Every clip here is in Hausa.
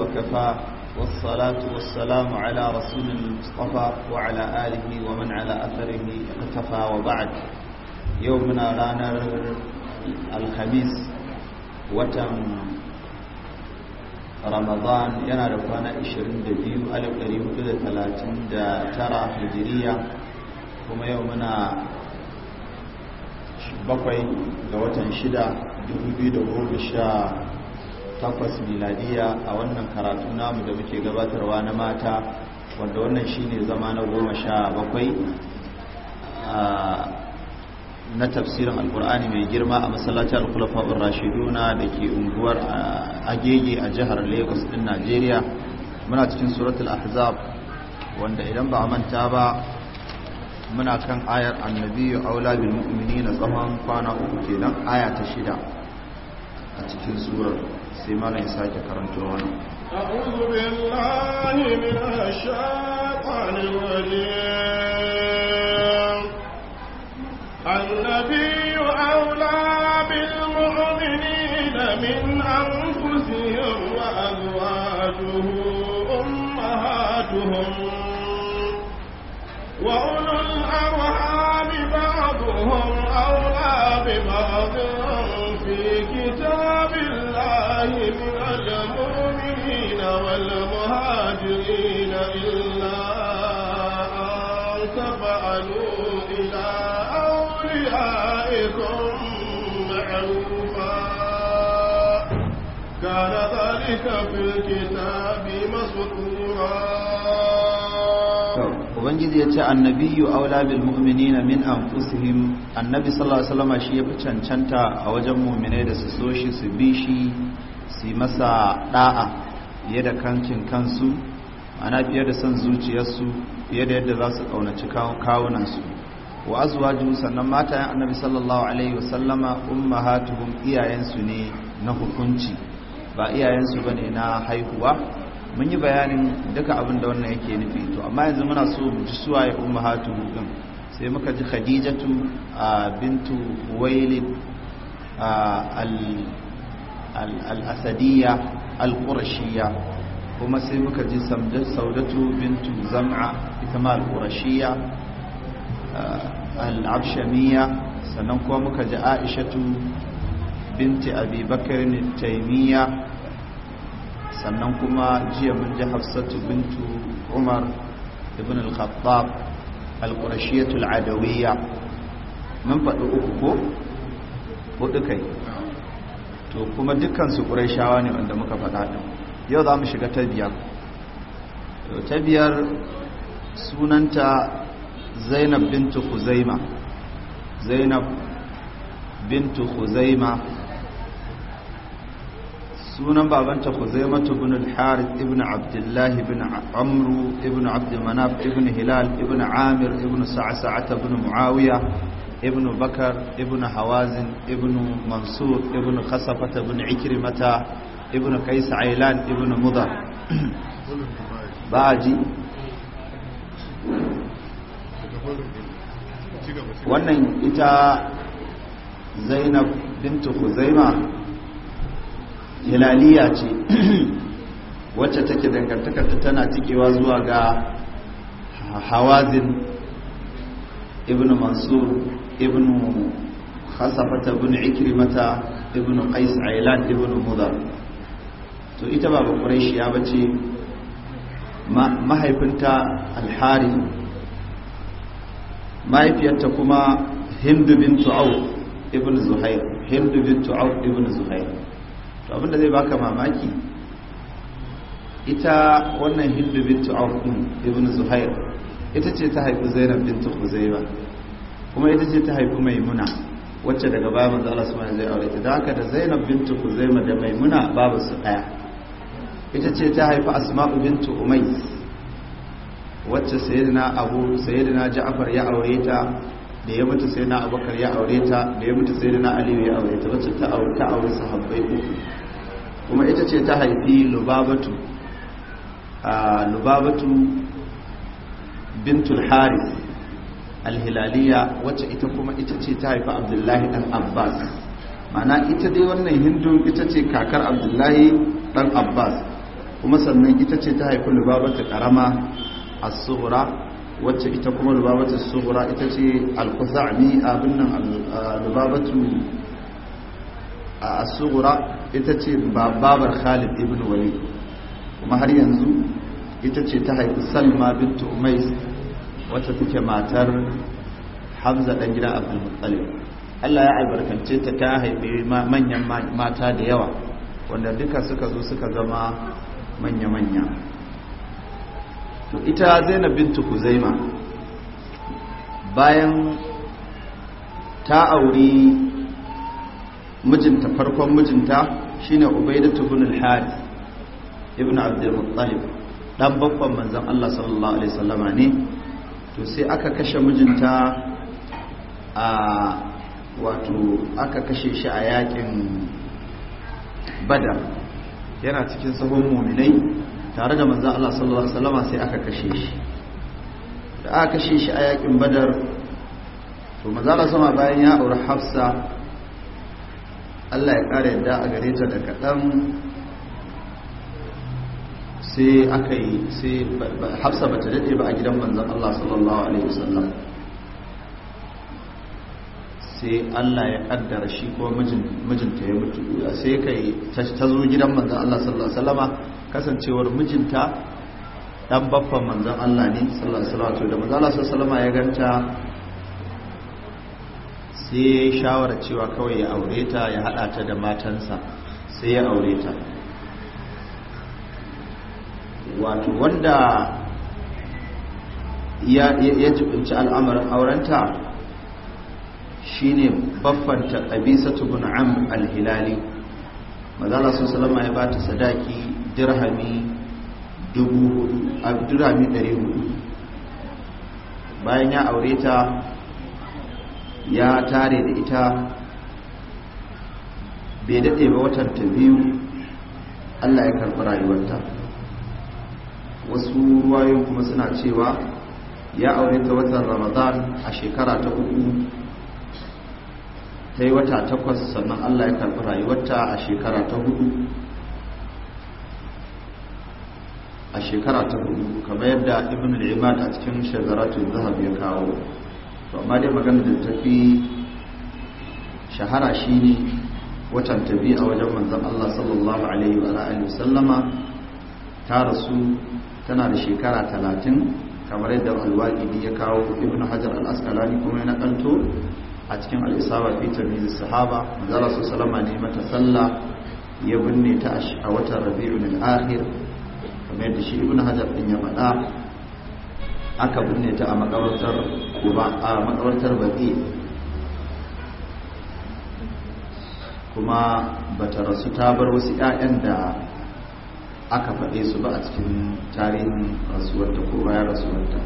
وكفى والصلاة والسلام على رسول المصطفى وعلى آله ومن على أثره اقتفى وبعد يومنا رانا الخميس watan ramadan yana da kwana 22,439 hijiriya kuma yau muna bakwai ga watan 6,2017 takwas miladiya a wannan karatu namu da muke gabatarwa na mata wanda wannan shine zama na goma sha bakwai na tafsirin alkur'ani mai girma a masallacin alkulafa'ur rashiduna da ke unguwar agege a jihar lagos ɗin najeriya muna cikin suratul ahzab wanda idan ba a manta ba muna kan ayar annabiyu aula bil mu'minina tsawon kwana uku kenan aya ta shida a cikin surar sai malam ya أعوذ بالله من الشيطان الرجيم النبي أولى بالمؤمنين من أنفسهم وأزواجه أمهاتهم وأولو الأرحام بعضهم أولى ببعض كان ذلك في الكتاب مسطورا ubangiji ya ce annabiyu aula bil mu'minina min anfusihim annabi sallallahu alaihi wasallam shi ya fi cancanta a wajen mu'minai da su so shi su bi shi su masa da'a fiye da kankin kansu ana fiye da son zuciyarsu fiye da yadda za su kaunaci kawunan su wa azwaju sannan matayen annabi sallallahu alaihi wasallama ummahatuhum iyayen su ne na hukunci ba iyayensu ne na haihuwa mun yi bayanin duka abin da wannan yake nufi to amma yanzu muna so mu ji suwaye ummahatu din sai muka ji khadijatu bintu wailid al-asadiyya al-qurashiyya kuma sai muka ji saudatu bintu zam'a ita ma al-qurashiyya al-abshamiyya sannan kuma muka ji aishatu binti abi bakr taimiyya sannan kuma jiya mun ji hafsatu bintu umar ibn al-khattab al-qurashiyatu al-adawiyya mun faɗi uku ko hudu kai to kuma dukkan su qurashawa ne wanda muka faɗa din yau za mu shiga ta biyar to ta sunanta zainab bintu khuzaima zainab bintu khuzaima sunan babanta Khuzaimatu ibn al-Harith ibn Abdullah ibn Amru ibn Abd Manaf ibn Hilal ibn Amir ibn Sa'sa'ata ibn Muawiya ibn Bakar ibn Hawazin ibn Mansur ibn Khasafata ibn Ikrimata ibn Qais Ailan ibn Mudar baji wannan ita Zainab bintu Khuzaimah hilaliya ce wacce take dangantakar ta tana cikewa zuwa ga hawazin ibn mansur ibn khasafata ibn ikrimata ibn qais ailan ibn mudar to ita ba ya bace mahaifinta alhari mahaifiyarta kuma hindu bintu auf ibn zuhair hindu bintu auf ibn zuhair to abinda zai baka mamaki ita wannan hindu bintu aukun ibn zuhair ita ce ta haifi zainab bintu huzaiba kuma ita ce ta haifi maimuna wacce daga baya manzo Allah subhanahu zai aure ta da haka da zainab bintu huzaima da maimuna babu su daya ita ce ta haifi asma'u bintu umais wacce sayyidina abu sayyidina ja'far ya aure ta da ya mutu sai na abubakar ya aure ta da ya mutu sai na aliyu ya aure ta wacce ta aure ta aure sahabbai uku kuma ita ce ta haifi lubabatu a lubabatu bintul haris alhilaliya wacce ita kuma ita ce ta haifi abdullahi dan abbas mana ita dai wannan hindu ita ce kakar abdullahi dan abbas kuma sannan ita ce ta haifi lubabatu karama as-sughra wacce ita kuma lubabatu Sugura ita ce al abin nan lubabatu as ita ce babar Khalid ibn Wali kuma har yanzu ita ce ta haifi Salma bint Umais wacce take matar Hamza dan gidan Abdul Muttalib Allah ya albarkance ta ta haifi manyan mata da yawa wanda duka suka zo suka zama manya-manya to ita zainab bintu kuzaima bayan ta auri mijinta farkon mijinta shine ubaidatu ibn al hadi ibn abdul muttalib dan babban manzon Allah sallallahu alaihi wasallama ne to sai aka kashe mijinta a wato aka kashe shi a yakin badar yana cikin sahun muminai tare da manzan Allah sallallahu Alaihi wasallama sai aka kashe shi da aka kashe shi a yakin badar to manzan sama bayan ya auri hafsa Allah ya ƙara yadda a gare ta da kaɗan sai aka yi sai hafsa ba ta daɗe ba a gidan manzan Allah sallallahu Alaihi wasallam sai Allah ya kaddara shi ko mijinta ya mutu sai kai ta zo gidan manzan Allah sallallahu Alaihi wasallama kasancewar mijinta dan baffan manzon Allah ne sallallahu alaihi da manzon Allah sallallahu alaihi ya ganta sai ya shawara cewa kawai ya aure ta ya hada ta da matansa sai ya aure ta wato wanda ya ya jibinci al'amarin aurenta shine baffanta qabisatu bin am al-hilali manzon Allah sallallahu alaihi ya bata sadaki dirhami dubu dirhami hudu bayan ya aure ta ya tare da ita bai daɗe ba watan ta biyu allah ya karɓi rayuwarta wasu ruwayoyin kuma suna cewa ya aure ta watan ramadan a shekara ta uku ta yi wata takwas sannan allah ya karɓi rayuwarta a shekara ta hudu a shekara ta hudu kamar yadda ibn al-imad a cikin shagaratun zahab ya kawo to amma dai magana da ta fi shahara shine watan tabi a wajen manzon Allah sallallahu alaihi wa alihi sallama ta rasu tana da shekara 30 kamar yadda al-waqidi ya kawo ibn hajar al-asqalani kuma yana kanto a cikin al-isaba fi sahaba manzon Allah sallallahu alaihi wa ne mata sallah ya binne ta a watan rabi'ul akhir kuma yadda shi ibn hajar din ya faɗa aka binne ta a makabartar kuma a makabartar baki kuma bata rasu ta bar wasu 'ya'yan da aka faɗe su ba a cikin tarihin rasuwarta ko bayan rasuwarta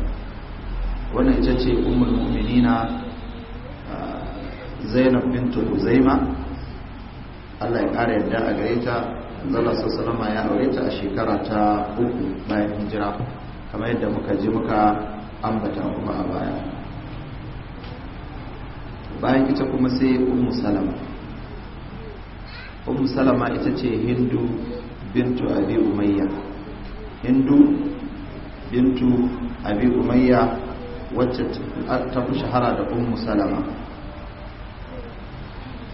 wannan ita ce umar mu'minina zainab bintu huzaima allah ya ƙara yadda a gare zala sassalama ya aure ta a shekara ta uku bayan hijira kamar yadda muka ji muka ambata kuma a baya bayan ita kuma sai ummu salama ummu salama ita ce hindu bintu abi umayya hindu bintu abi umayya wacce ta fi shahara da ummu salama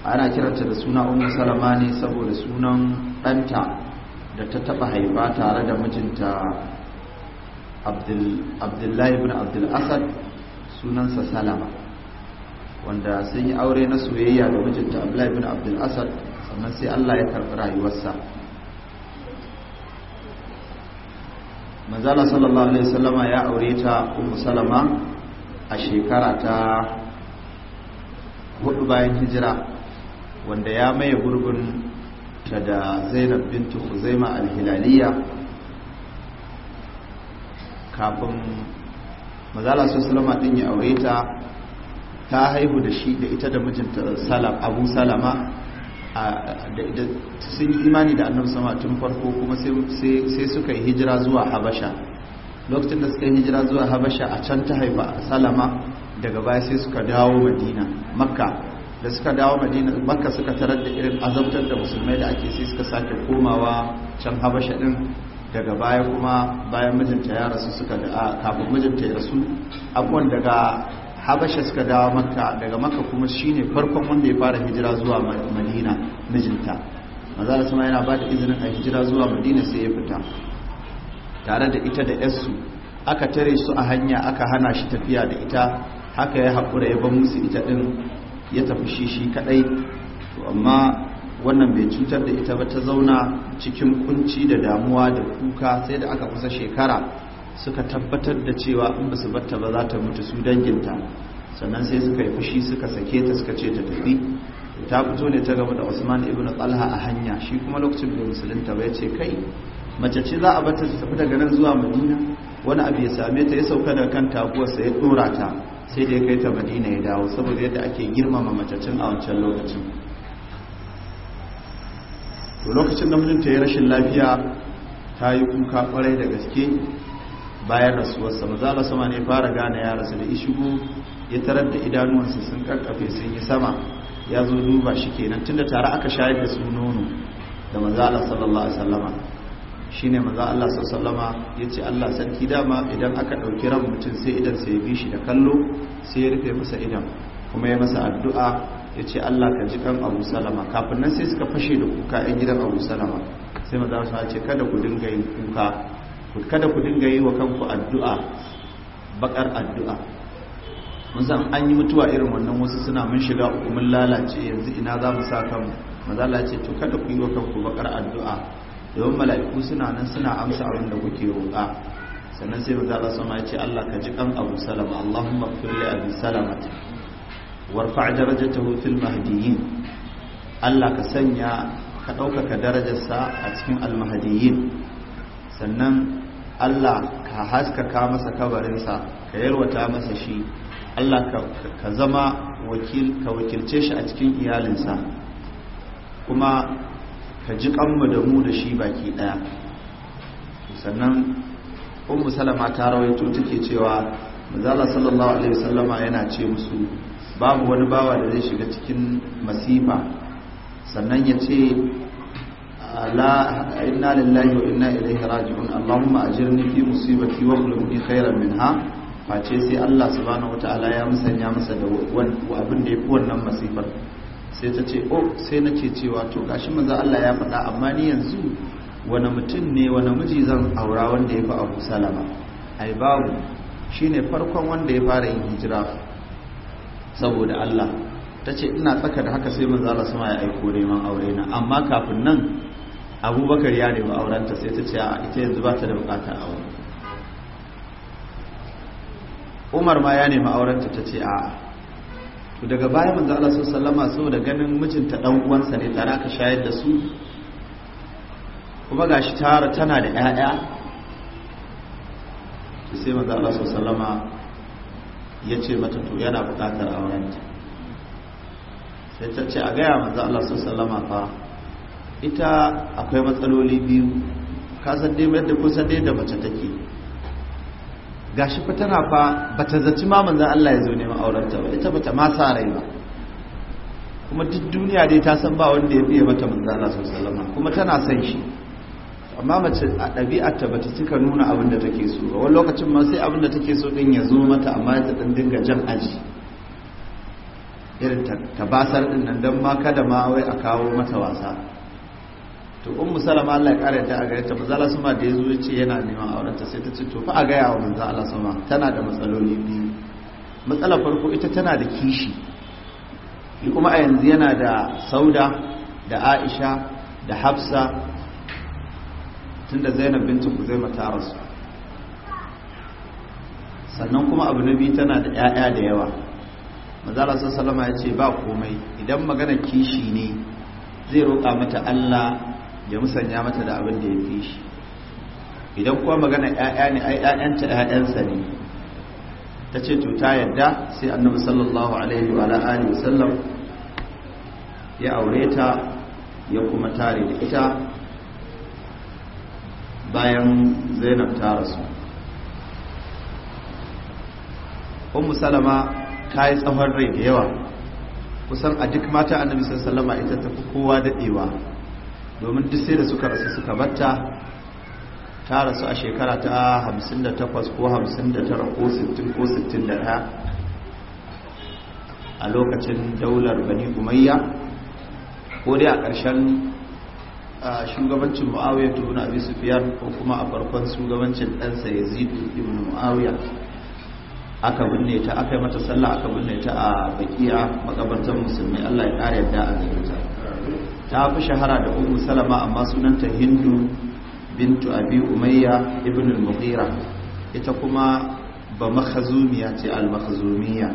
ana kiranta da suna ummu salama ne saboda sunan ɗanta da ta taɓa haifa tare da mijinta abdullahi Abdul abdulasad sunansa salama wanda sun yi aure na soyayya da mijinta abdullahi Abdul abdulasad sannan sai allah ya karɓi rayuwarsa mazala sallallahu alaihi wasallama ya aure ta ummu salama a shekara ta hudu bayan hijira wanda ya maye gurbin ta da zainab bintu huzaima alhilaliya kafin mazala su salama din ya aure ta ta haihu da shi da ita da mijinta salam abu salama sun yi imani da annabi sama tun farko kuma sai suka yi hijira zuwa habasha lokacin da suka yi hijira zuwa habasha a can ta haifa salama daga baya sai suka dawo madina makka da suka dawo madina makka suka tarar da irin azabtar da musulmai da ake sai suka sake komawa can habasha din daga baya kuma bayan mijinta ya rasu suka da kafin mijinta ya rasu abuwan daga habasha suka dawo makka daga makka kuma shine farkon wanda ya fara hijira zuwa madina mijinta maza da sama yana ba da izinin a hijira zuwa madina sai ya fita tare da ita da yarsu aka tare su a hanya aka hana shi tafiya da ita haka ya haƙura ya ban musu ita ɗin ya tafi shi shi kadai to amma wannan bai cutar da ita ba ta zauna cikin kunci da damuwa da kuka sai da aka kusa shekara suka tabbatar da cewa in ba su batta ba za ta mutu su danginta sannan sai suka yi fushi suka sake ta suka ce ta tafi ta fito ne ta gaba da Usman ibn Talha a hanya shi kuma lokacin da musulunta ba ya ce kai mace ce za a bata ta tafi daga nan zuwa Madina wani abu ya same ta ya sauka daga kan taguwarsa ya dora ta sai da ya kai ta madina ya dawo saboda yadda ake girmama macacin a wancan lokacin to lokacin da ta yi rashin lafiya ta yi kuka kwarai da gaske bayan rasuwarsa mazala sama ne fara gane ya rasu da ishigo ya tarar da idanuwansa sun karkafe sun yi sama ya zo duba shi kenan tunda tare aka shayar da su nono da mazala sallallahu alaihi wasallama shine manzo Allah sallama yace Allah sarki dama idan aka dauki ran mutum sai idan sai ya bi shi da kallo sai ya rufe masa idan kuma ya masa addu'a yace Allah ka ji kan Abu Salama kafin nan sai suka fashe da kuka ɗan gidan Abu Salama sai manzo Allah ce kada ku dinga yin kuka kada ku dinga yi wa kanku addu'a bakar addu'a mun an yi mutuwa irin wannan wasu suna mun shiga uku mun lalace yanzu ina za mu sa kanmu manzo Allah ce to kada ku yi wa kanku bakar addu'a domin mala'iku suna nan suna amsa abin da kuke roƙa sannan sai manzo Allah sama ya ce Allah ka ji kan Abu Salama Allahumma ighfir li Abi Salama warfa' darajatahu fil mahdiyin, Allah ka sanya ka ɗaukaka darajarsa a cikin almahadiyin sannan Allah ka haskaka masa kabarinsa ka yalwata masa shi Allah ka zama wakil ka wakilce shi a cikin iyalinsa kuma ka ji kanmu da mu da shi baki daya sannan ummu salama ta rawaito take cewa manzala sallallahu alaihi wasallama yana ce musu babu wani bawa da zai shiga cikin masifa sannan ya ce la inna lillahi wa inna ilaihi raji'un allahumma ajirni fi musibati wa khulub li khairan minha face sai Allah subhanahu wataala ya musanya masa da abin da fi wannan masifar sai ta ce oh sai na ce cewa to gashi manzo Allah ya faɗa amma ni yanzu wani mutum ne wani miji zan aura wanda ya fi abu salama ai babu shine farkon wanda ya fara yin hijira saboda Allah ta ce ina tsaka da haka sai manzo Allah sama ya aiko neman aure na amma kafin nan abubakar ya nemi aurenta sai ta ce a ita yanzu ba ta da bukatar aure umar ma ya nemi aurenta ta ce a'a to daga baya manzo Allah sallallahu alaihi wasallam ganin mijinta dan uwansa ne tare aka shayar da su kuma gashi tara tana da ƴaƴa to sai manzo Allah sallallahu alaihi wasallam yace mata to yana buƙatar aurenta sai ta ce a gaya manzo Allah sallallahu alaihi wasallam fa ita akwai matsaloli biyu ka san dai yadda kusa dai da mace take gashi fa tana fa bata zaci ma manzon Allah ya zo neman aurenta ba ita bata ma sa rai ba kuma duk duniya dai ta san ba wanda ya biye mata manzon Allah sallallahu alaihi kuma tana san shi amma mace a ɗabi'arta bata cika nuna abin da take so ba wani lokacin ma sai abin da take so din ya zo mata amma ta dan dinga jan aji irin tabasar din nan dan ma kada ma wai a kawo mata wasa to ummu salama Allah ya kare ta a gare ta manzo Allah sama da yazo yace yana neman auren ta sai ta ce to fa a gaya wa manzo Allah sama tana da matsaloli biyu matsalar farko ita tana da kishi shi kuma a yanzu yana da Sauda da Aisha da Hafsa tunda Zainab bintu Kuzaima ta rasu sannan kuma abu na biyu tana da 'ya'ya da yawa alaihi wasallam ya ce ba komai idan magana kishi ne zai roƙa mata allah ya musanya mata da abin da ya fi shi idan kuwa magana ‘ya'ya ne ai ‘ya'yanta ‘ya'yansa ne ta ce to ta yadda sai annabi sallallahu alaihi wa alihi wasallam ya aure ta ya kuma tare da ita bayan zainab ta rasu ummu salama ta yi tsawon rai da yawa kusan a duk mata annabi sallallahu alaihi wa ita fi kowa daɗewa domin duk sai da suka rasu suka batta ta rasu a shekara ta 58 ko 59 ko 60 ko 61 a lokacin daular bani umayya ko dai a ƙarshen shugabancin mu'awiyar tubuna abi sufiyar ko kuma a farkon shugabancin ɗansa ya zidu ibn mu'awiyar aka binne ta aka yi mata sallah aka binne ta a bakiya makabartar musulmi allah ya ƙara yadda a gare ta ta fi shahara da ummu salama amma sunanta hindu bintu abi umayya ibn al-mughira ita kuma ba makhazumiya ce al-makhazumiya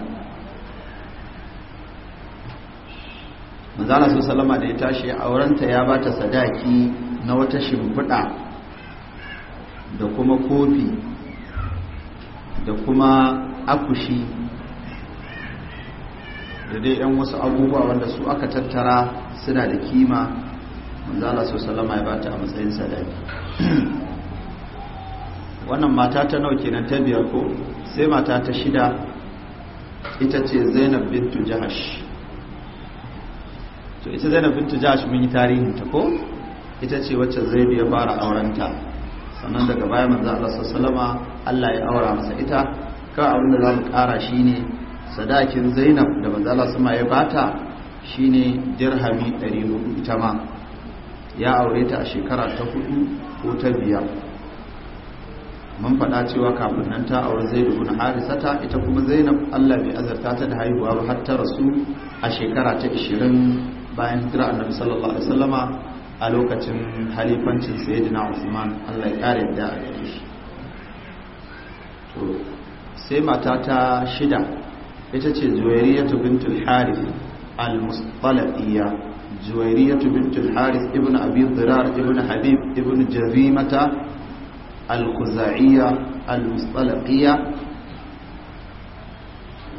manzala su salama da ya tashi aurenta ya bata sadaki na wata shimfiɗa da kuma kofi da kuma akushi da dai yan wasu abubuwa wanda su aka tattara suna da kima ala su salama ya bata a matsayin sadaki wannan mata ta nau kenan ta biyar ko sai mata ta shida ita ce Zainab bintu Jahash to ita Zainab bintu Jahash mun yi tarihin ta ko ita ce wacce zai ya fara aurenta sannan daga baya manzo Allah sallallahu Allah ya aura masa ita ka abin da za mu kara shine sadakin zainab da mazala sama ya bata shine dirhami 400 ita ma ya aure ta a shekara ta hudu ko ta biyar mun faɗa cewa kafin nan ta aure zai dubu harisata ita kuma zainab allah bai azarta ta da haihuwa ba har ta rasu a shekara ta 20 bayan hijira annabi sallallahu alaihi wasallama a lokacin halifancin sayyidina usman allah ya kare da a gare shi sai mata ta shida ita ce juwairiyatu bintul haris al-mustalaqiyya juwairiyatu bintul harith ibn abi ibn habib ibn jarimata al-khuzaiya al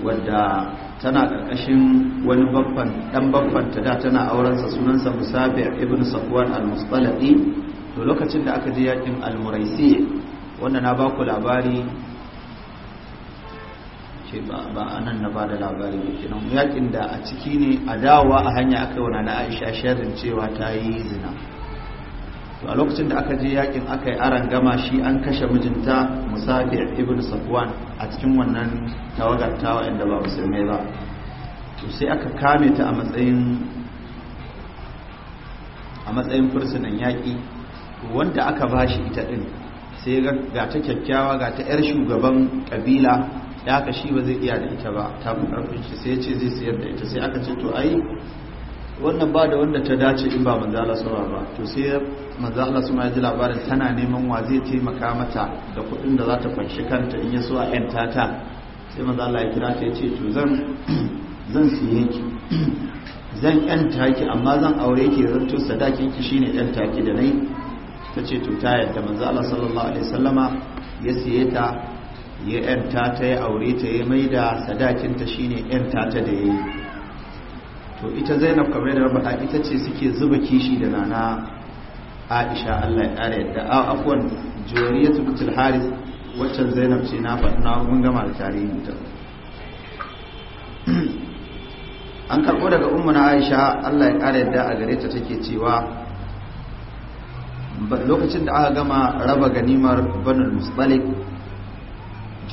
wadda tana ƙarƙashin wani babban ɗan da tana aurensa sunansa musafi ibn safwan al-mustalaqi to lokacin da aka je yakin al-muraisi wanda na baku labari ce ba a nan na ba da labari ne kenan yakin da a ciki ne a dawowa a hanya aka yi na aisha sharrin cewa ta yi zina to a lokacin da aka je yakin aka yi aran gama shi an kashe mijinta musafi ibn safwan a cikin wannan tawagar ta ba musulmai ba to sai aka kame ta a matsayin a matsayin fursunan yaƙi wanda aka bashi ita ɗin sai ga ta kyakkyawa ga ta 'yar shugaban ƙabila da aka shi ba zai iya da ita ba ta fi karfin shi sai ce zai siyar da ita sai aka ce to ai wannan ba da wanda ta dace in ba manzo Allah ba to sai manzo Allah sama ya ji labarin tana neman wa zai taimaka mata da kuɗin da za ta fanshi kanta in ya so a yanta ta sai manzo Allah ya kira ta ya ce to zan zan siye ki zan yanta ki amma zan aure ki to sadakin ki shine yanta ki da nai ta ce to ta yadda manzo Allah sallallahu alaihi wasallama ya siye ta ya yanta ta ya aure ta ya mai da sadakinta ne yanta ta da ya yi to ita zainab kamar da faɗa ita ce suke zuba kishi da nana aisha allah ya ƙara yadda a afuwan juwariyatu bitul haris waccan zainab ce na faɗi na mun gama da tarihi. ta an karɓo daga ummu na aisha allah ya ƙara yadda a gare ta take cewa lokacin da aka gama raba ganimar banul mustalik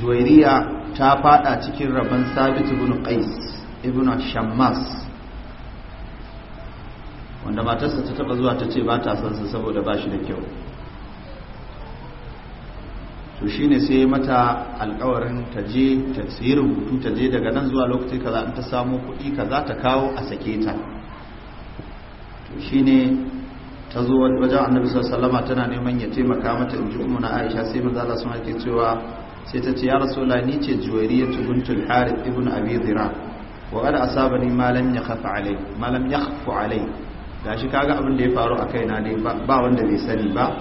juwairiya ta fada cikin rabon sabit ibn qais ibn shammas wanda matarsa ta taba zuwa ta ce ba ta son sa saboda ba shi da kyau to shine sai mata alkawarin ta je ta sayi rubutu ta je daga nan zuwa lokacin kaza in ta samu kuɗi kaza ta kawo a sake ta to shine ta zo wajen annabi sallallahu alaihi tana neman ya taimaka mata in ji umma na Aisha sai manzo Allah sun yake cewa sai ta ce ya rasula ni ce juwairiya bintul harith ibn abi zira wa qad asabani malam ya kafa alai malam ya kafa alai shi kaga abin da ya faru a kaina dai ba wanda bai sani ba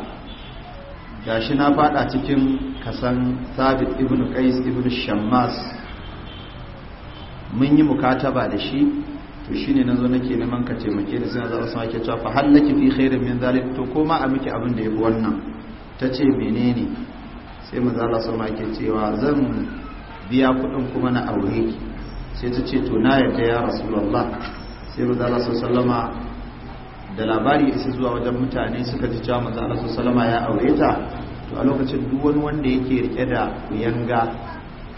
shi na fada cikin kasan sabit ibn qais ibn shammas mun yi mukataba da shi to shine nazo nake neman ka taimake ni sai zan sama ke cewa fa hallaki fi khairin min zalik to koma a miki abin da yafi wannan tace menene sai manzo Allah sama ke cewa zan biya kudin kuma na aure ki sai ta ce to na yarda ya rasulullah sai manzo Allah sallama da labari isa zuwa wajen mutane suka ji cewa manzo Allah sallama ya aure ta to a lokacin duk wani wanda yake rike da yanga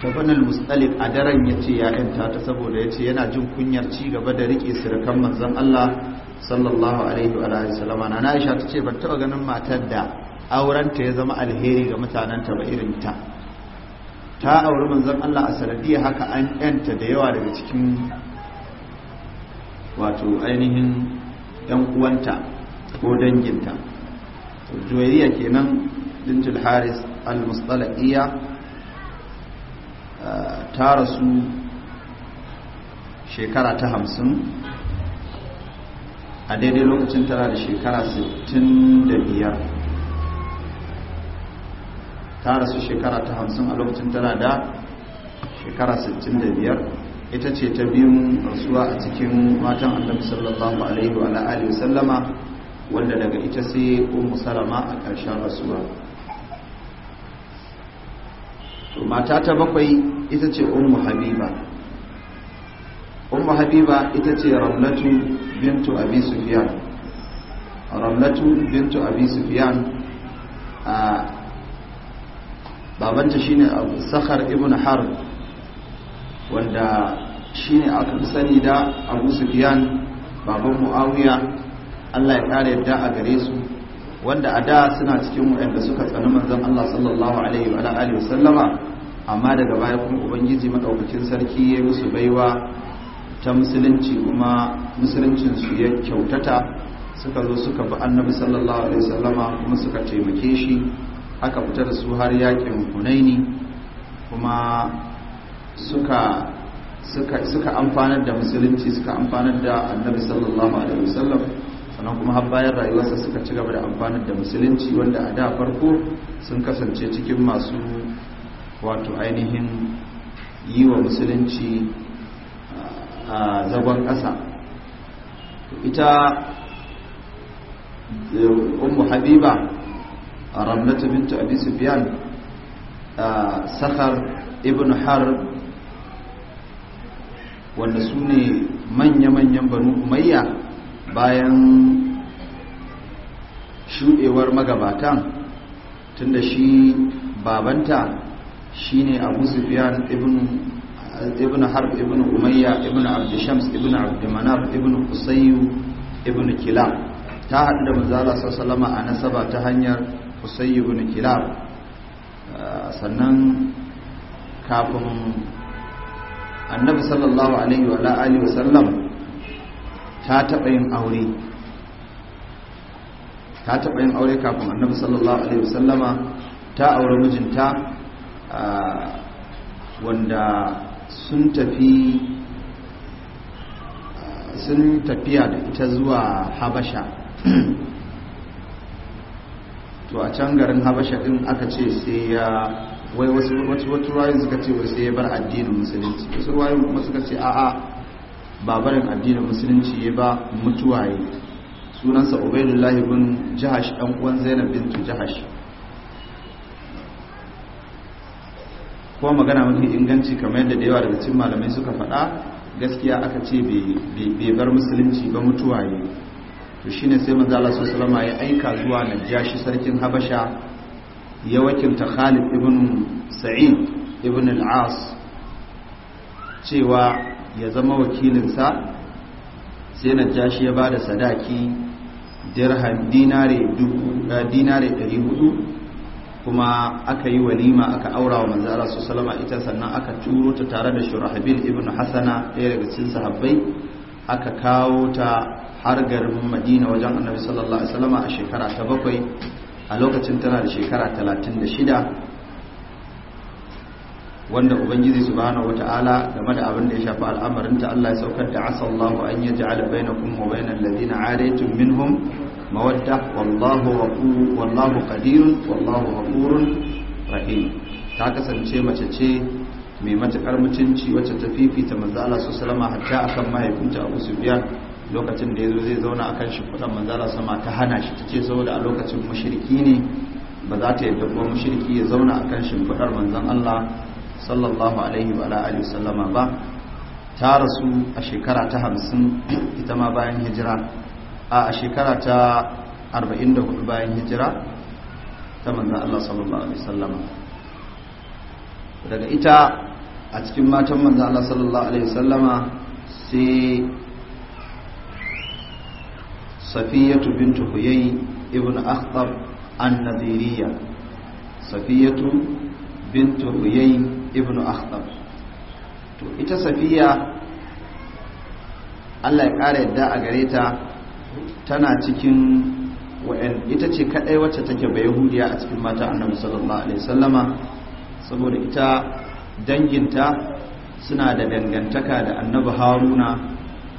tabanal mustalif a daren ya ce ya yanta ta saboda ya ce yana jin kunyar ci gaba da rike sirkan manzon Allah sallallahu alaihi wa alihi na na Aisha ta ce ban taɓa ganin matar da aurenta ya zama alheri ga mutanenta ba irin ta ta auri manzon Allah a sanadiyar haka an yanta da yawa daga cikin wato ainihin yan uwanta ko danginta juwairiya kenan dintul haris al-mustalaqiya ta rasu shekara ta hamsin a daidai lokacin tara da shekara 65 ta rasu shekara ta hamsin a lokacin tana da shekara 65 ita ce ta biyun rasuwa a cikin matan annabi sallallahu alaihi wa alihi wa sallama wanda daga ita sai ummu salama a ƙarshen rasuwa to mata ta bakwai ita ce ummu habiba ummu habiba ita ce ramlatu bintu abi sufyan ramlatu bintu abi sufyan a babanta shine abu sakhar ibn harb wanda shine aka sani da abu sufyan baban muawiya Allah ya kare yadda a gare su wanda a da suna cikin waɗanda suka tsani manzon Allah sallallahu alaihi wa alihi wasallama amma daga baya kuma ubangiji madaukakin sarki ya musu baiwa ta musulunci kuma musuluncin su ya kyautata suka zo suka bi annabi sallallahu alaihi wasallama kuma suka taimake shi aka fita da su har yakin hunaini kuma suka suka suka amfanar da musulunci suka amfanar da annabi sallallahu alaihi wasallam sannan kuma har bayan rayuwarsa suka ci gaba da amfanar da musulunci wanda a da farko sun kasance cikin masu wato ainihin yi wa musulunci a zagon ƙasa ita eh, ummu habiba ramlata bintu abi sufyan uh, sakhar ibn har wanda su ne manya-manyan banu umayya bayan shuɗewar magabatan tunda shi babanta shine abu sufyan ibn harb ibn umayya ibn abd shams ibn abd manaf ibn Kusayyu, ibn kilab ta haɗu da manzala sallallahu alaihi a nasaba ta hanyar qusay ibn kilab ah, sannan kafin annabi sallallahu alaihi wa alihi sallam ta taba yin aure ta taɓa yin aure kafin annabi sallallahu alaihi wa sallama ta aure mijinta ah, wanda sun tafi ah, sun tafiya da ita zuwa habasha to a can garin habasha din aka ce sai ya wai wasu wasu ruwayin suka ce wai sai ya bar addinin musulunci wasu ruwayin kuma suka ce a'a ba barin addinin musulunci ya ba mutuwaye sunansa ubaidullahi bin jahash dan uwan zainab bin jahash kuma magana mafi inganci kamar yadda da yawa daga cikin malamai suka faɗa gaskiya aka ce bai bar musulunci ba mutuwaye to ne sai manzo Allah sallallahu alaihi ya aika zuwa Najashi sarkin Habasha ya wakilta Khalid ibn Sa'id ibn al-As cewa ya zama wakilinsa sai Najashi ya ba da sadaki dirham dinare eh, dinare 400 kuma aka yi walima aka aura wa manzo Allah sallallahu ita sannan aka turo ta tare da Shurahbil ibn Hasana ɗaya daga cikin sahabbai aka kawo ta har garin madina wajen annabi sallallahu alaihi a shekara ta bakwai a lokacin tana da shekara talatin da shida wanda ubangiji subhanahu wata'ala game da abin da ya shafi al'amarinta Allah ya saukar da asallahu an yaj'al kun wa bainar ladina adaytum minhum mawadda wallahu wallahu qadirun wallahu ghafurun rahim ta kasance mace ce mai matukar mutunci wacce ta fifita manzo Allah sallallahu alaihi wasallam hatta akan mahaifinta Abu Sufyan lokacin da ya zo zai zauna a kan shi kudan manzala sama ta hana shi ta ce saboda a lokacin mashirki ne ba za ta yadda kuma mashirki ya zauna a kan kudar manzan Allah sallallahu alaihi wa alihi sallama ba ta rasu a shekara ta hamsin ita ma bayan hijira a shekara ta arba'in da hudu bayan hijira ta manzan Allah sallallahu alaihi sallama daga ita a cikin matan manzan Allah sallallahu alaihi sallama sai safiyatu bintu huyay ibn akhtar an-nadiriyya safiyatu bintu huyay ibn akhtar to ita safiya Allah ya ƙara yadda a gare ta tana cikin wa'in ita ce kadai wacce take bai yahudiya a cikin mata annabi sallallahu alaihi wasallama saboda ita danginta suna da dangantaka da annabi haruna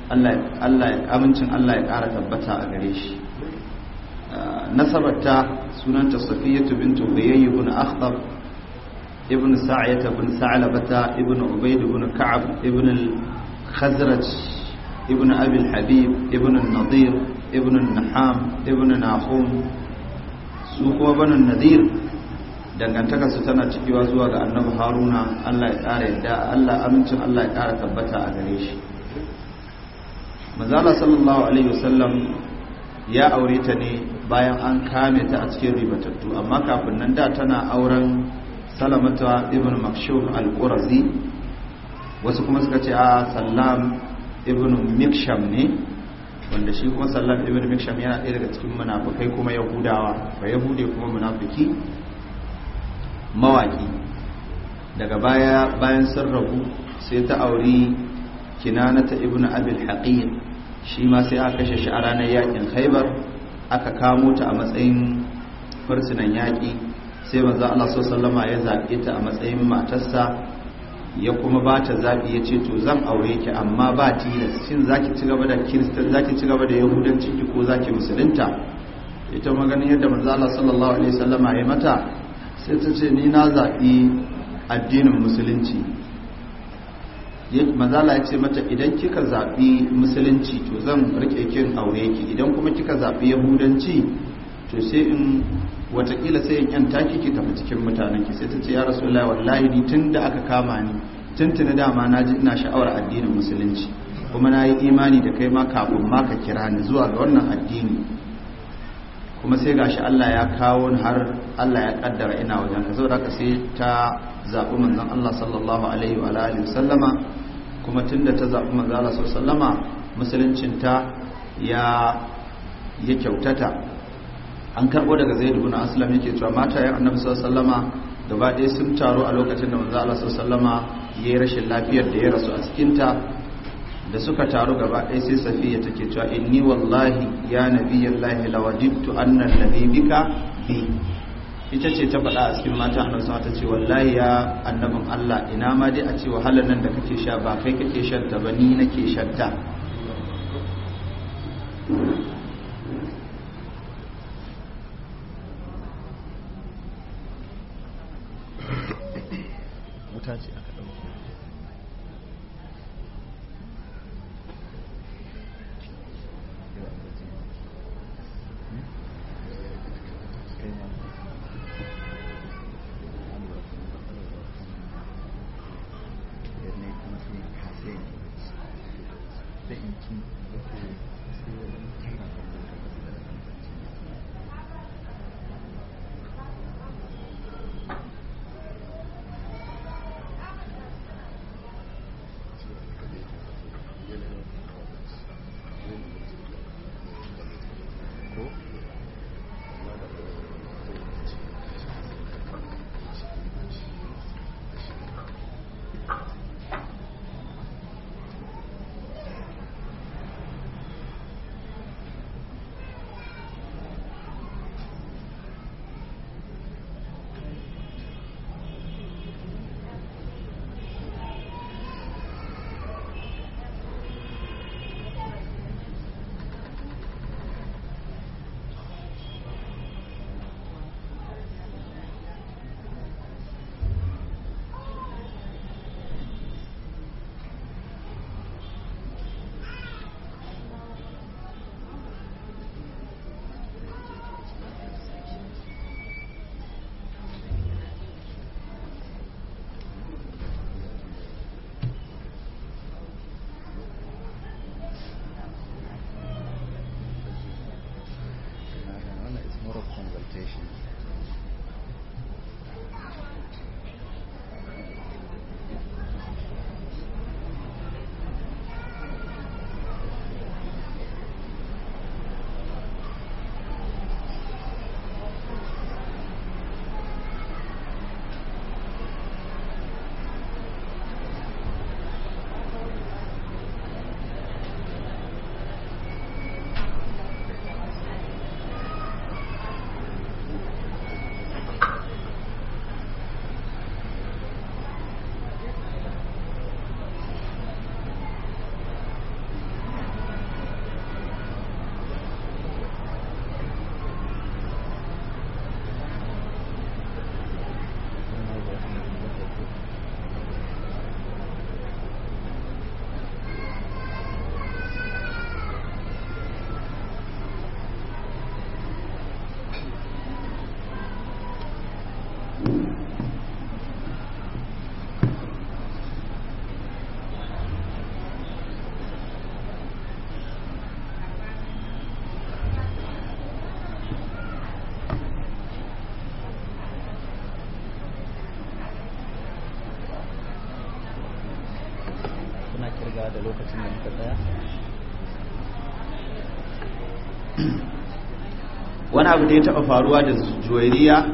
amincin Allah ya ƙara tabbata a gare shi ah, nasabarta sunanta safiyatu bintu yi ibn akhtar ibn sa'yata ibn sa'labata ibn ubayd ibn ka'ab ibn al-khazraj ibn abi al-habib ibn an-nadir ibn an-naham ibn nahum su kuma banin nadir dangantaka su tana cikiwa zuwa ga annabi haruna Allah ya ƙara yadda Allah amincin Allah ya ƙara tabbata a gare shi manzala sallallahu alaihi wasallam ya aure ta ne bayan an kame ta a cikin ribatattu amma kafin nan da tana auren salamata ibn makshuf al-qurazi wasu kuma suka ce a ah, sallam ibn miksham ne wanda shi kuma sallam ibn miksham yana ɗaya daga cikin munafukai kuma yahudawa ba yahude kuma munafuki. mawaki daga baya bayan sun rabu sai ta auri kinanata ibnu abil haqir shi ma sai aka kashe shi a ranar yakin khaibar aka kamo ta a matsayin farsinan yaƙi sai manzo Allah sallama ya zaɓe ta a matsayin matarsa ya kuma ba ta zaɓi ya ce to zan aure ki amma ba tilas shin zaki ci gaba da kiristan zaki ci gaba da yahudanci ki ko zaki musulunta ita maganin yadda manzo Allah sallallahu alaihi ya mata sai ta ce ni na zaɓi addinin musulunci mazala ya ce mata idan kika zaɓi musulunci to zan rike kin aure ki idan kuma kika zaɓi yahudanci to sai in watakila sai in yanta ki ki tafi cikin mutanen ki sai ta ce ya rasulullahi wallahi ni tunda aka kama ni tuntuna dama na ji ina sha'awar addinin musulunci kuma na yi imani da kai ma kafin ma ka kira ni zuwa ga wannan addini kuma sai gashi Allah ya kawo har Allah ya kaddara ina wajen ka saboda ka sai ta zaɓi manzon Allah sallallahu alaihi wa alihi sallama kuma tun da ta zaɓi manzala sallama musuluncinta ya yi kyautata an karɓo daga zai dubu na aslam yake cewa mata ya annabi sallama gaba ɗaya sun taro a lokacin da manzala sallama ya yi rashin lafiyar da ya rasu a cikinta da suka taru gaba ɗaya sai safiya take cewa inni wallahi ya nabiyallahi lawajibtu annan nabi bika bi ita ce ta faɗa a cikin mata annabi ta ce wallahi ya annabin Allah ina ma dai a ce wahalar nan da kake sha ba kai kake shan ta ba ni nake shan ta aka wani abu da ya taba faruwa da juwairiya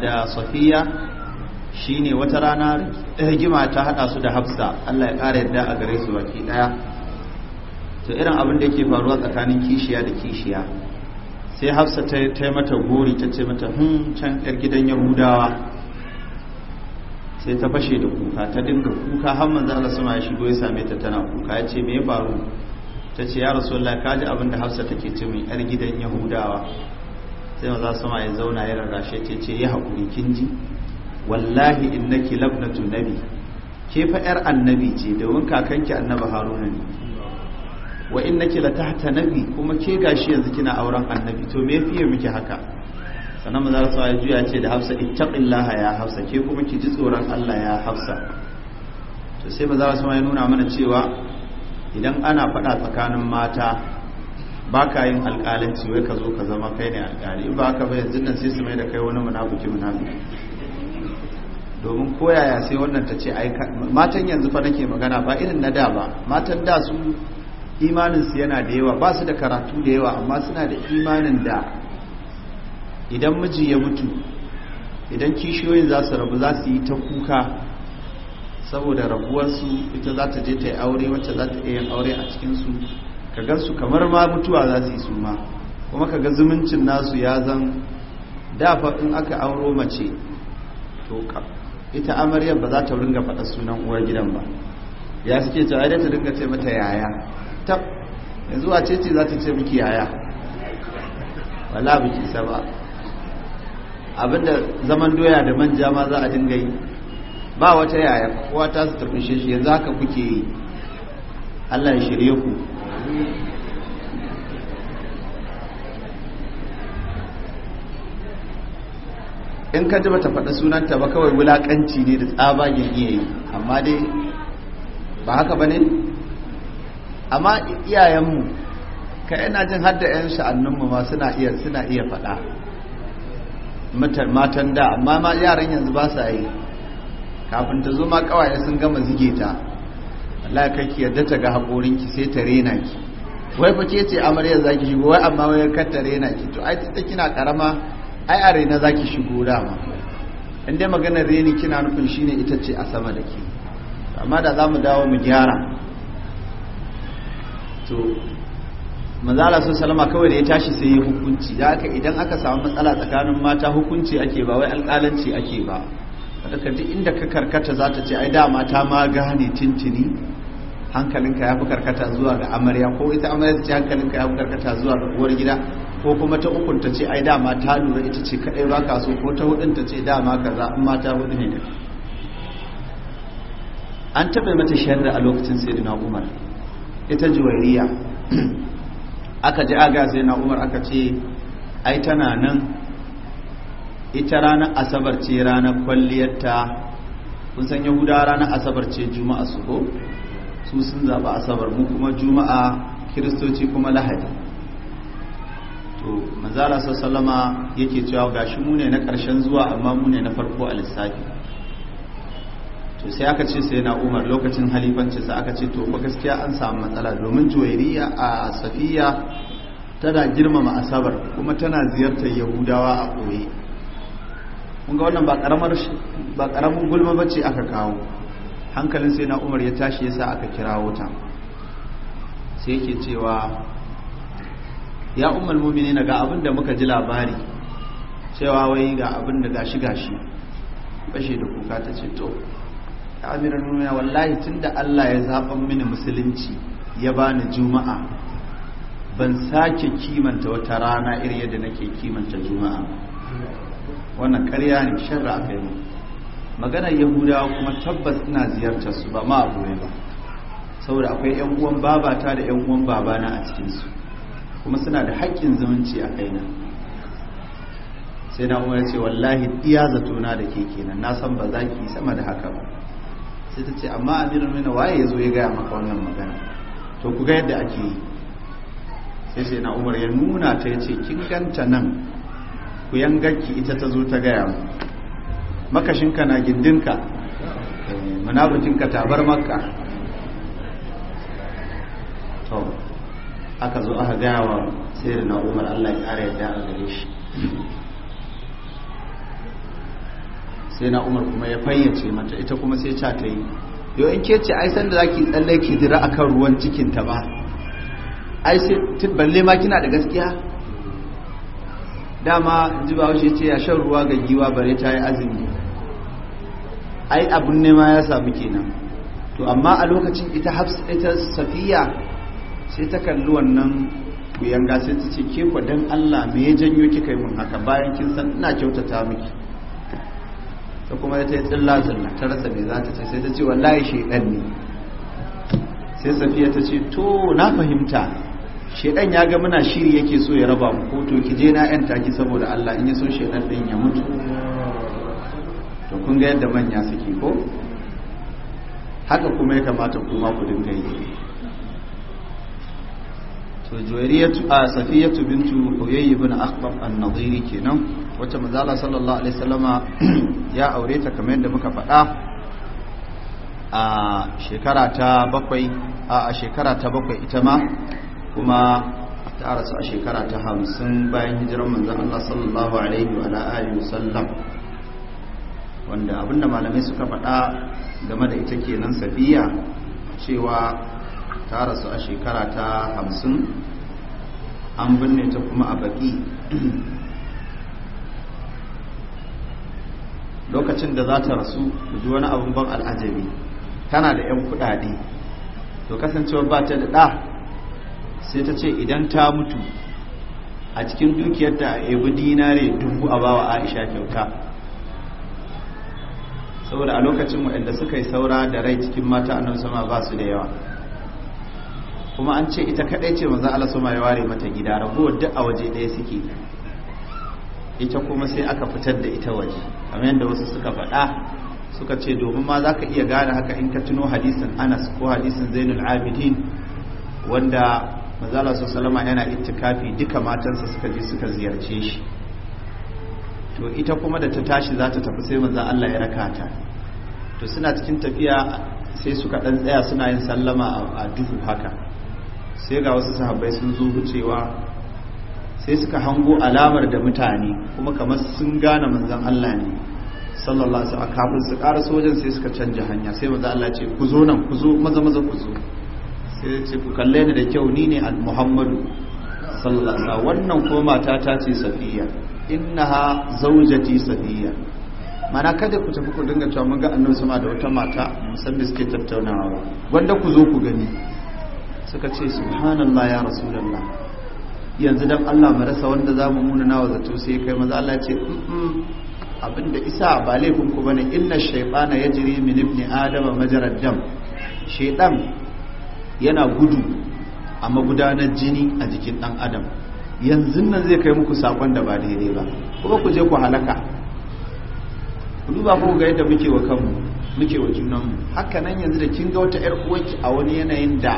da safiya shine wata rana rigima ta hada su da hafsa allah ya kara yadda a gare su baki ɗaya to irin abin da yake faruwa tsakanin kishiya da kishiya sai hafsa ta yi mata gori ta ce mata hun hmm, can yar gidan yahudawa sai ta fashe da kuka ta dinga kuka har manzo Allah sama ya shigo ya same ta tana kuka ya ce me ya faru ta ce ya Allah ka ji abin da hafsa take ce mai yar gidan yahudawa sai maza sama ya zauna ya rarrashe ce ce ya haƙuri kin ji wallahi in na innaki labnatu nabi ke fa yar annabi ce domin kakanki annaba haruna ne wa in innaki la tahta nabi kuma ke gashi yanzu kina auren annabi to me fiye miki haka sannan maza sama ya juya ce da hafsa ittaqillaha ya hafsa ke kuma ki ji tsoron Allah ya hafsa to sai maza sama ya nuna mana cewa idan ana faɗa tsakanin mata ba ka yin alƙalanci wai ka zo ka zama kai ne alkali in ba ka bai yanzu nan sai su mai da kai wani munafuki munafuki domin koyaya sai wannan ta ce matan yanzu fa nake magana ba irin na da ba matan da su imanin su yana da yawa ba su da karatu da yawa amma suna da imanin da idan miji ya mutu idan kishiyoyin za su rabu za su yi ta kuka saboda rabuwarsu ita za ta je ta yi aure wacce za ta iya yin aure a cikinsu ka gansu kamar ma mutuwa za su yi su ma kuma ka ga zumuncin nasu ya zan dafa in aka auro mace to ita amaryar ba za ta ringa faɗa sunan uwar gidan ba ya suke cewa da ta dinga ce mata yaya ta yanzu a ce ce za ta ce miki yaya wala biki sa ba abinda zaman doya da manja ma za a dinga yi ba wata yaya kowa ta su tafi shi yanzu haka kuke yi Allah shirye ku in ka ji bata faɗi sunanta ba kawai wulaƙanci ne da tsabagen iya yi amma dai ba haka ba ne amma iyayenmu ka yana jin da 'yan sha'annunmu ma suna iya suna iya faɗa matan da amma ma yaran yanzu ba sa yi kafin ta zo ma kawaye sun gama zige ta Allah kai ki yadda ta ga hakorin ki sai ta rena ki wai fa ce amarya zaki shigo wai amma wai ka ta rena ki to ai ta kina karama ai a rena zaki shigo dama in dai maganar reni kina nufin shine ita ce a sama da ke amma da za mu dawo mu gyara to manzala sun salama kawai da ya tashi sai ya hukunci da aka idan aka samu matsala tsakanin mata hukunci ake ba wai alƙalanci ake ba daga duk inda ka karkata za ta ce ai dama ta ma gane tintini hankalinka ya fi karkata zuwa ga amarya ko ita amarya ta ce hankalinka ya fi karkata zuwa ga uwar gida ko kuma ta ukun ta ce ai dama ta lura ita ce kadai ba ka so ko ta hudun ta ce dama kaza in mata hudu ne an taɓa mata sharri a lokacin sayyidina umar ita juwairiya aka ji aga sayyidina umar aka ce ai tana nan ita ranar asabar ce ranar ta kun san yahuda ranar asabar ce juma'a su ko su sun zaba asabar mu kuma juma'a kiristoci kuma lahadi to manzara salama yake cewa gashi mu ne na karshen zuwa amma mu ne na farko a lissafi to sai aka ce sai na umar lokacin halifancinsa aka ce to ba gaskiya an samu matsala domin juwairiya a safiya tana girmama asabar kuma tana ziyartar yahudawa a ƙoye. kun ga wannan ba karamar ba karamin gulma bace aka kawo hankalin sai na Umar ya tashi yasa aka kirawo ta sai yake cewa ya ummul mu'minin ga abin da muka ji labari cewa wai ga abin da gashi gashi bashi da kuka ta ce to ya amira nuna wallahi tunda Allah ya zaɓa mini musulunci ya bani juma'a ban sake kimanta wata rana irin yadda nake kimanta juma'a wannan karya ne sharra aka yi maganar yahudawa kuma tabbas ina ziyartar su ba ma a goye ba saboda akwai yan uwan babata da yan uwan babana a su kuma suna da haƙƙin zumunci a na sai na umar ce wallahi iya zato na da keke nan na san ba za ki sama da haka ba sai ta ce amma abin nuna waye ya zo ya gaya maka wannan magana to ku ga yadda ake yi sai sai na umar ya nuna ta ya ce kin ganta nan ku yangarki ita ta zo ta gaya mu makashinka na gindinka ta eh, tabar makka to aka zo aka gaya wa sai da umar allah ya ƙara yadda a gare shi sai na umar kuma ya fayyace mata ita kuma sai ca ta yi yau in ke ce ai san da zaki tsalle ki jira akan ruwan cikinta ba ai sai balle ma kina da gaskiya dama ji ba shi ce a shan ruwa ga giwa bare ta yi azumi ai abun nema ya samu kenan to amma a lokacin ita hafs ita safiya sai ta kalli wannan kuyanga sai ta ce ke dan Allah me ya janyo kika yi mun haka bayan kin san ina kyautata miki ta kuma ta yi tsilla zilla ta rasa me za ta ce sai ta ce wallahi shaidan ne sai safiya ta ce to na fahimta shedan ya ga muna shiri yake so ya raba mu ko to ki je na yan taki saboda Allah in ya so shedan din ya mutu to kun ga yadda manya suke ko haka kuma ya kamata kuma ku dinga yi to juwariyatu a safiyatu bintu huyay ibn akhbab an-nadiri kenan wacce manzala sallallahu alaihi wasallama ya aure ta kamar yadda muka faɗa a shekara ta bakwai a shekara ta bakwai ita ma kuma ta rasu a shekara ta hamsin bayan hijirar manzan Allah sallallahu alaihi wa alihi wasallam wanda abinda malamai suka faɗa game da ita kenan safiya cewa ta rasu a shekara ta hamsin an binne ta kuma a baki lokacin da za ta rasu ji wani abin ban al'ajabi tana da 'yan kudade to kasancewar ba ta da ɗa sai ta ce idan ta mutu a cikin dukiyarta a ebi dinare dubu a bawa aisha kyauta saboda a lokacin waɗanda suka yi saura da rai cikin mata annabi sama ba su da yawa kuma an ce ita kaɗai ce maza Allah sama ya ware mata gida ragowar duk a waje ɗaya suke ita kuma sai aka fitar da ita waje kamar yadda wasu suka faɗa suka ce domin ma za ka iya gane haka in ka tuno hadisin anas ko hadisin zainul abidin wanda manzala su salama yana itikafi duka matansa suka je suka ziyarce shi to ita kuma da ta tashi za ta tafi sai manzan Allah ya raka ta to suna cikin tafiya sai suka dan tsaya suna yin sallama a duhu haka sai ga wasu sahabbai sun zo cewa sai suka hango alamar da mutane kuma kamar sun gane manzan Allah ne sallallahu alaihi wasallam kafin su ƙara sojan sai suka canja hanya sai manzan Allah ce ku zo nan ku zo maza maza ku zo sai ce ku kalle ni da kyau ni ne al-muhammadu sallallahu alaihi wannan ko mata ta ce safiya innaha zaujati safiya mana kada ku tafi ku dinga cewa mun ga annabi sama da wata mata musamman suke tattaunawa ba wanda ku zo ku gani suka ce subhanallah ya rasulullah yanzu dan Allah mu rasa wanda zamu muna nawa zato sai kai maza Allah ce abinda isa ba laifin ku bane inna shaytana yajri min ibni adama majarad dam shaytan yana gudu a magudanar jini a jikin dan adam yanzu nan zai kai muku sakon da ba daidai ba kuma ku je ku halaka ku duba ku ga yadda muke wa kanmu muke wa junanmu haka nan yanzu da kin ga wata yar uwarki a wani yanayin da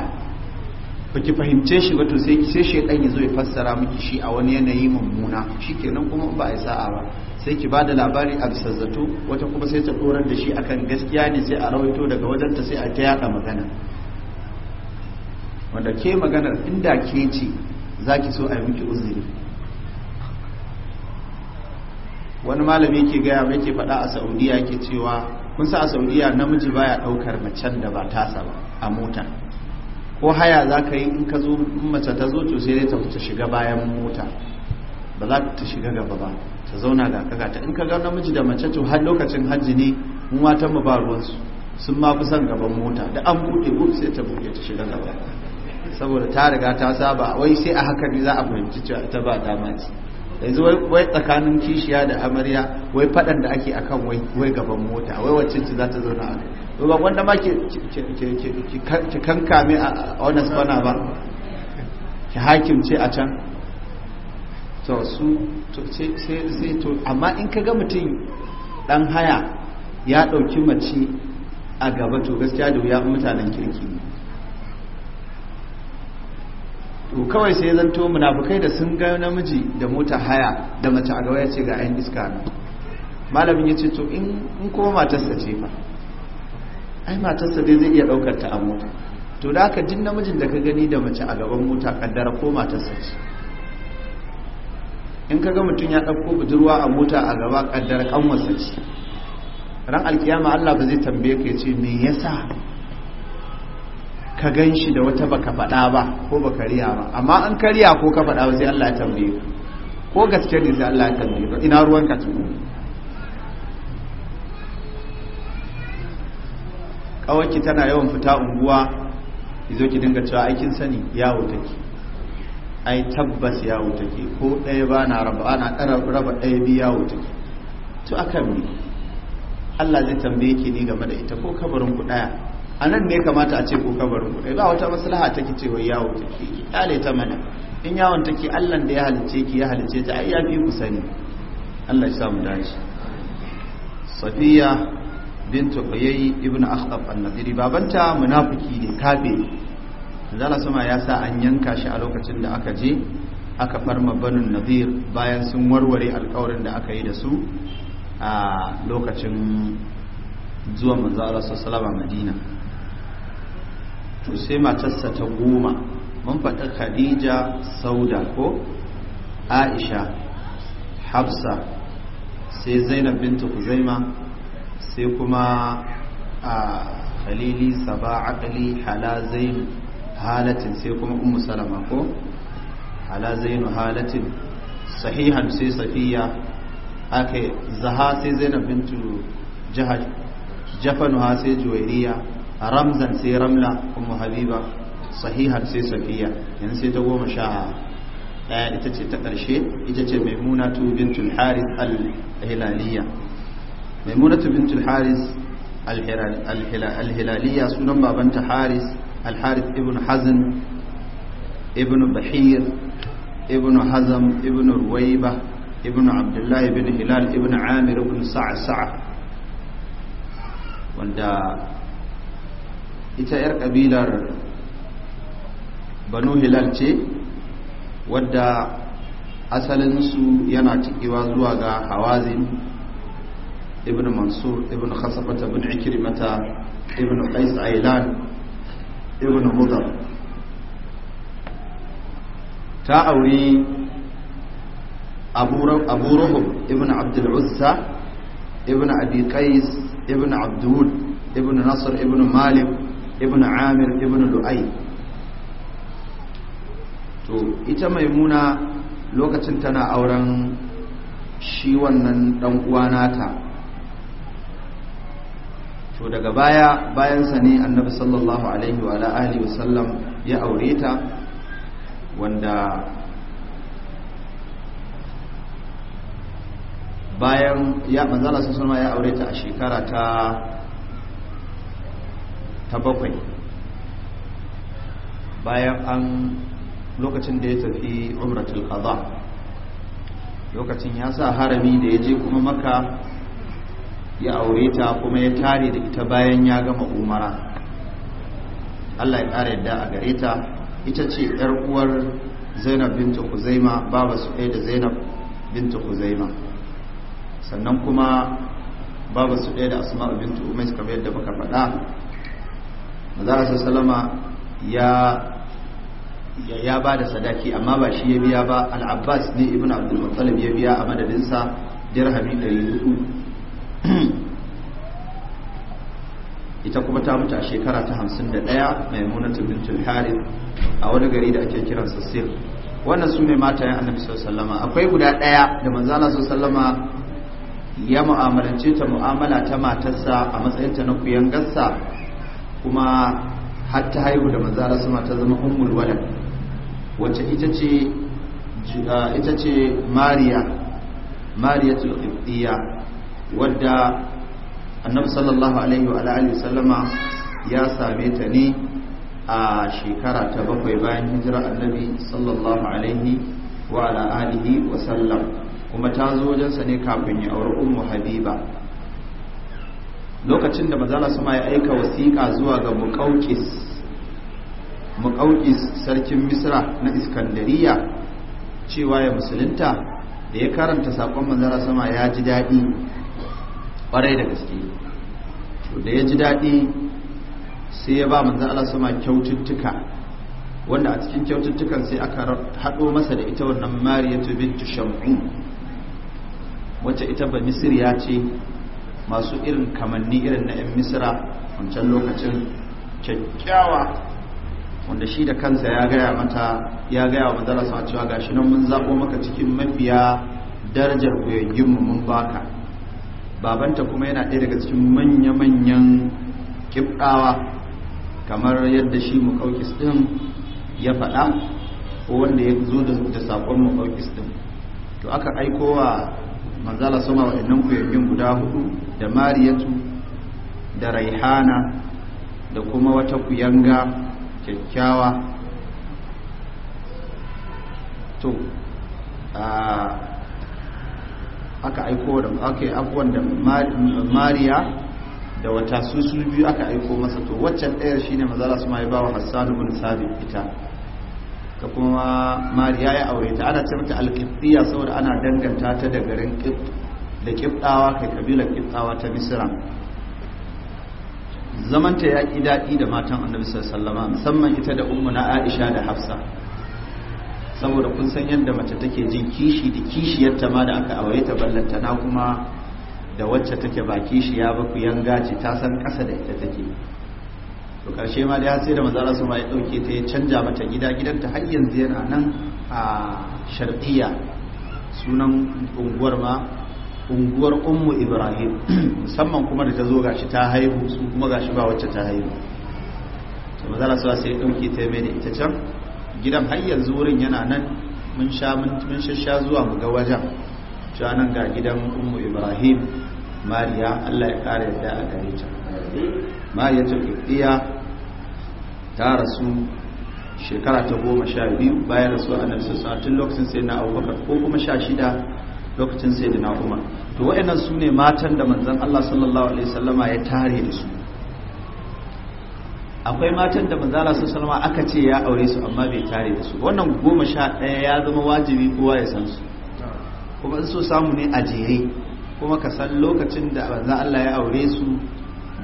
baki fahimce shi ba to sai sai shedan yazo ya fassara miki shi a wani yanayi mummuna shikenan kuma ba a sa'a ba sai ki bada labari a bisa zato wata kuma sai ta korar da shi akan gaskiya ne sai a rawaito daga wajenta sai a ta yada magana wanda ke maganar inda ke ce za ki so a yi miki uzuri wani malami ke gaya mai ke faɗa a saudiya ke cewa kun sa a saudiya namiji baya ɗaukar macen da ba tasa ba a mota ko haya za ka yi in ka zo mace ta zo to sai ta ta shiga bayan mota ba za ta shiga gaba ba ta zauna ga kaga ta in ka ga namiji da mace to har lokacin hajji ne mu matan mu ba su sun ma fi son gaban mota da an buɗe bu sai ta buɗe ta shiga gaba saboda ta riga ta saba wai sai a haka ne za a fahimci cewa ita ba dama ce yanzu wai tsakanin kishiya da amarya wai fadan da ake akan wai gaban mota wai wacce ce za ta zauna a to ba wanda ma ki kankame a wannan bana ba ki ce a can to su sai to amma in ka ga mutum dan haya ya dauki mace a gaba to gaskiya da wuya mutanen kirki ne to kawai sai zanto munafukai da sun ga namiji da mota haya da mace a gaba ya ce ga 'yan iska na malamin ya ce to in kuma matarsa ce fa ai matarsa dai zai iya daukar ta a mota to da aka jin namijin da ka gani da mace a gaban mota kaddara ko matarsa ce in ka ga mutum ya ɗauko budurwa a mota a gaba kaddara wasa ce ran alkiyama allah ba zai tambaye ka ya ce me yasa ka gan shi da wata baka faɗa ba ko baka riya ba amma an kariya ko ka faɗa ba sai Allah ya tambaye ka ko gaske ne sai Allah ya tambaye ka ina ruwan ka tuno kawaki tana yawan fita unguwa izo ki dinga cewa aikin sani ya wuta ki ai tabbas ya wuta ki ko ɗaya ba na raba ana ƙara raba ɗaya biyu wuta ki to akan ne Allah zai tambaye ki ni game da ita ko kabarin ku ɗaya a nan ne kamata a ce ko kabarin ku ba wata maslaha take cewa yawo take kale ta mana in yawon take Allah da ya halice ki ya halice ta ai ya fi ku sani Allah ya samu dace Safiya bintu Uyay ibn Akhtab an-Nadiri babanta munafiki ne kabe, Zala sama ya sa an yanka shi a lokacin da aka je aka farma banun Nadir bayan sun warware alƙawarin da aka yi da su a lokacin zuwa manzo Allah sallallahu alaihi wasallam Madina to sai matarsa ta goma mun faɗi khadija sauda ko aisha hafsa sai zainab bintu kuzaima sai kuma a khalili saba akali halazain halatin sai kuma ummu salama ko halazainu halatin sahihan sai safiya aka zaha sai zainab bintu jahaj jafanuha sai juwairiya ramzan sai ramla ummu habiba sahihan sai safiya yanzu sai ta goma sha ɗaya ita ce ta ƙarshe ita ce maimunatu bintul haris al-hilaliya maimunatu bintul haris al-hilaliya sunan babanta haris al-haris ibn hazm ibn bahir ibn hazam ibn ruwaiba ibn abdullahi ibn hilal ibn amir ibn sa'a sa'a wanda ita 'yar kabilar banu hilal ce wadda asalinsu yana cikewa zuwa ga hawazin ibn mansur ibn khasafata ibn ikrimata ibn qais ailan ibn mudar ta auri abu ruhub ibn abdul uzza ibn abi qais ibn abdul ibn nasr ibn malik ibn amir ibn lu'ai to ita maimuna lokacin tana auren shi wannan dan uwa nata to daga baya bayan sa ne annabi sallallahu alaihi wa alihi wasallam ya aure ta wanda bayan ya manzala sun ya aure ta a shekara ta ta bakwai bayan an lokacin da ya tafi umratul qada lokacin ya sa harami da ya je kuma maka ya aure ta kuma ya tare da ita bayan ya gama umara Allah ya ƙara yadda a gare ta ita ce ‘yar uwar zainab binta kuzaima baba su da zainab binta kuzaima sannan kuma baba su da Asma binta umais kamar yadda muka faɗa manzara sallama ya ba da sadaki amma ba shi ya biya ba al'abbas ne ibn abdul ya biya a madadinsa dirhami 400 ita kuma ta mutu a shekara ta 51 maimunatu bintul harin a wani gari da ake kiran sassir. wannan su ne ya annabi sallama akwai guda ɗaya da manzala sallama ya mu'amalance ta mu'amala ta matarsa a matsayinta na kuyan gassa kuma har ta haihu da manzara sama ta zama ummul walad wacce ita ce ita ce mariya mariyatul qibtiyya wadda annabi sallallahu alaihi wa alihi sallama ya same ta ne a shekara ta bakwai bayan hijira annabi sallallahu alaihi wa alihi wa sallam kuma ta zo wajensa ne kafin ya auri ummu habiba lokacin da manzala sama ya aika wasiƙa zuwa ga muƙauƙis sarkin misra na iskandariya cewa ya musulunta da ya karanta saƙon manzala sama ya ji daɗi ƙwarai da gaske to da ya ji daɗi sai ya ba manzala sama kyaututtuka wanda a cikin kyaututtukan sai aka haɗo masa da ita wannan mariyatu bintu shamu wacce ita ba ya ce masu irin kamanni irin na 'yan misira wancan lokacin kyakkyawa wanda shi da kansa ya gaya mata ya gaya wa sa cewa gashi nan mun zaɓo maka cikin mafiya darajar goyayyinmu mun baka babanta kuma yana ɗaya daga cikin manya-manyan kibɗawa kamar yadda shi mukaukis ɗin ya faɗa ko wanda ya zo da saƙon mukaukis ɗin to aka aiko wa. manzala sama waɗannan kuyayyun guda hudu da mariyatu da raihana da kuma wata kuyanga kyakkyawa to aka aiko da aka abuwan da mariya da wata su biyu aka aiko masa to waccan ɗayar shine manzala sama ya ba wa hassan bin sabit ita da kuma mariya ya aure ta ana ce mata saboda ana danganta ta da garin kift da kibdawa kai kabilar kibdawa ta misira zamanta ya ƙi daɗi da matan annabi wasallam musamman ita da ummu na aisha da hafsa saboda kun san yadda mace take jin kishi da kishiyar ta ma da aka aure ta ballanta na kuma da wacce take ba kishiya ba ku yanga ce ta san ƙasa da ita take to karshe ma dai sai da manzara su ma ya dauke ta ya canja mata gida ta har yanzu yana nan a sharqiya sunan unguwar ma unguwar ummu ibrahim musamman kuma da ta zo gashi ta haihu su kuma gashi ba wacce ta haihu to manzara su sai ya dauke ta mai da ita can gidan har yanzu wurin yana nan mun sha mun shasha zuwa mu ga wajen cewa nan ga gidan ummu ibrahim mariya allah ya kare yadda a gare ta mariyatul qibtiya ta rasu shekara ta goma sha biyu bayan rasu a nan sassa tun lokacin sai na abubakar ko kuma sha shida lokacin sai da na kuma to wa'annan su ne matan da manzan allah sallallahu alaihi sallama ya tare da su akwai matan da manzan allah sallallahu alaihi aka ce ya aure su amma bai tare da su wannan goma sha ɗaya ya zama wajibi kowa ya san su kuma in so samu ne a jere kuma ka san lokacin da manzan allah ya aure su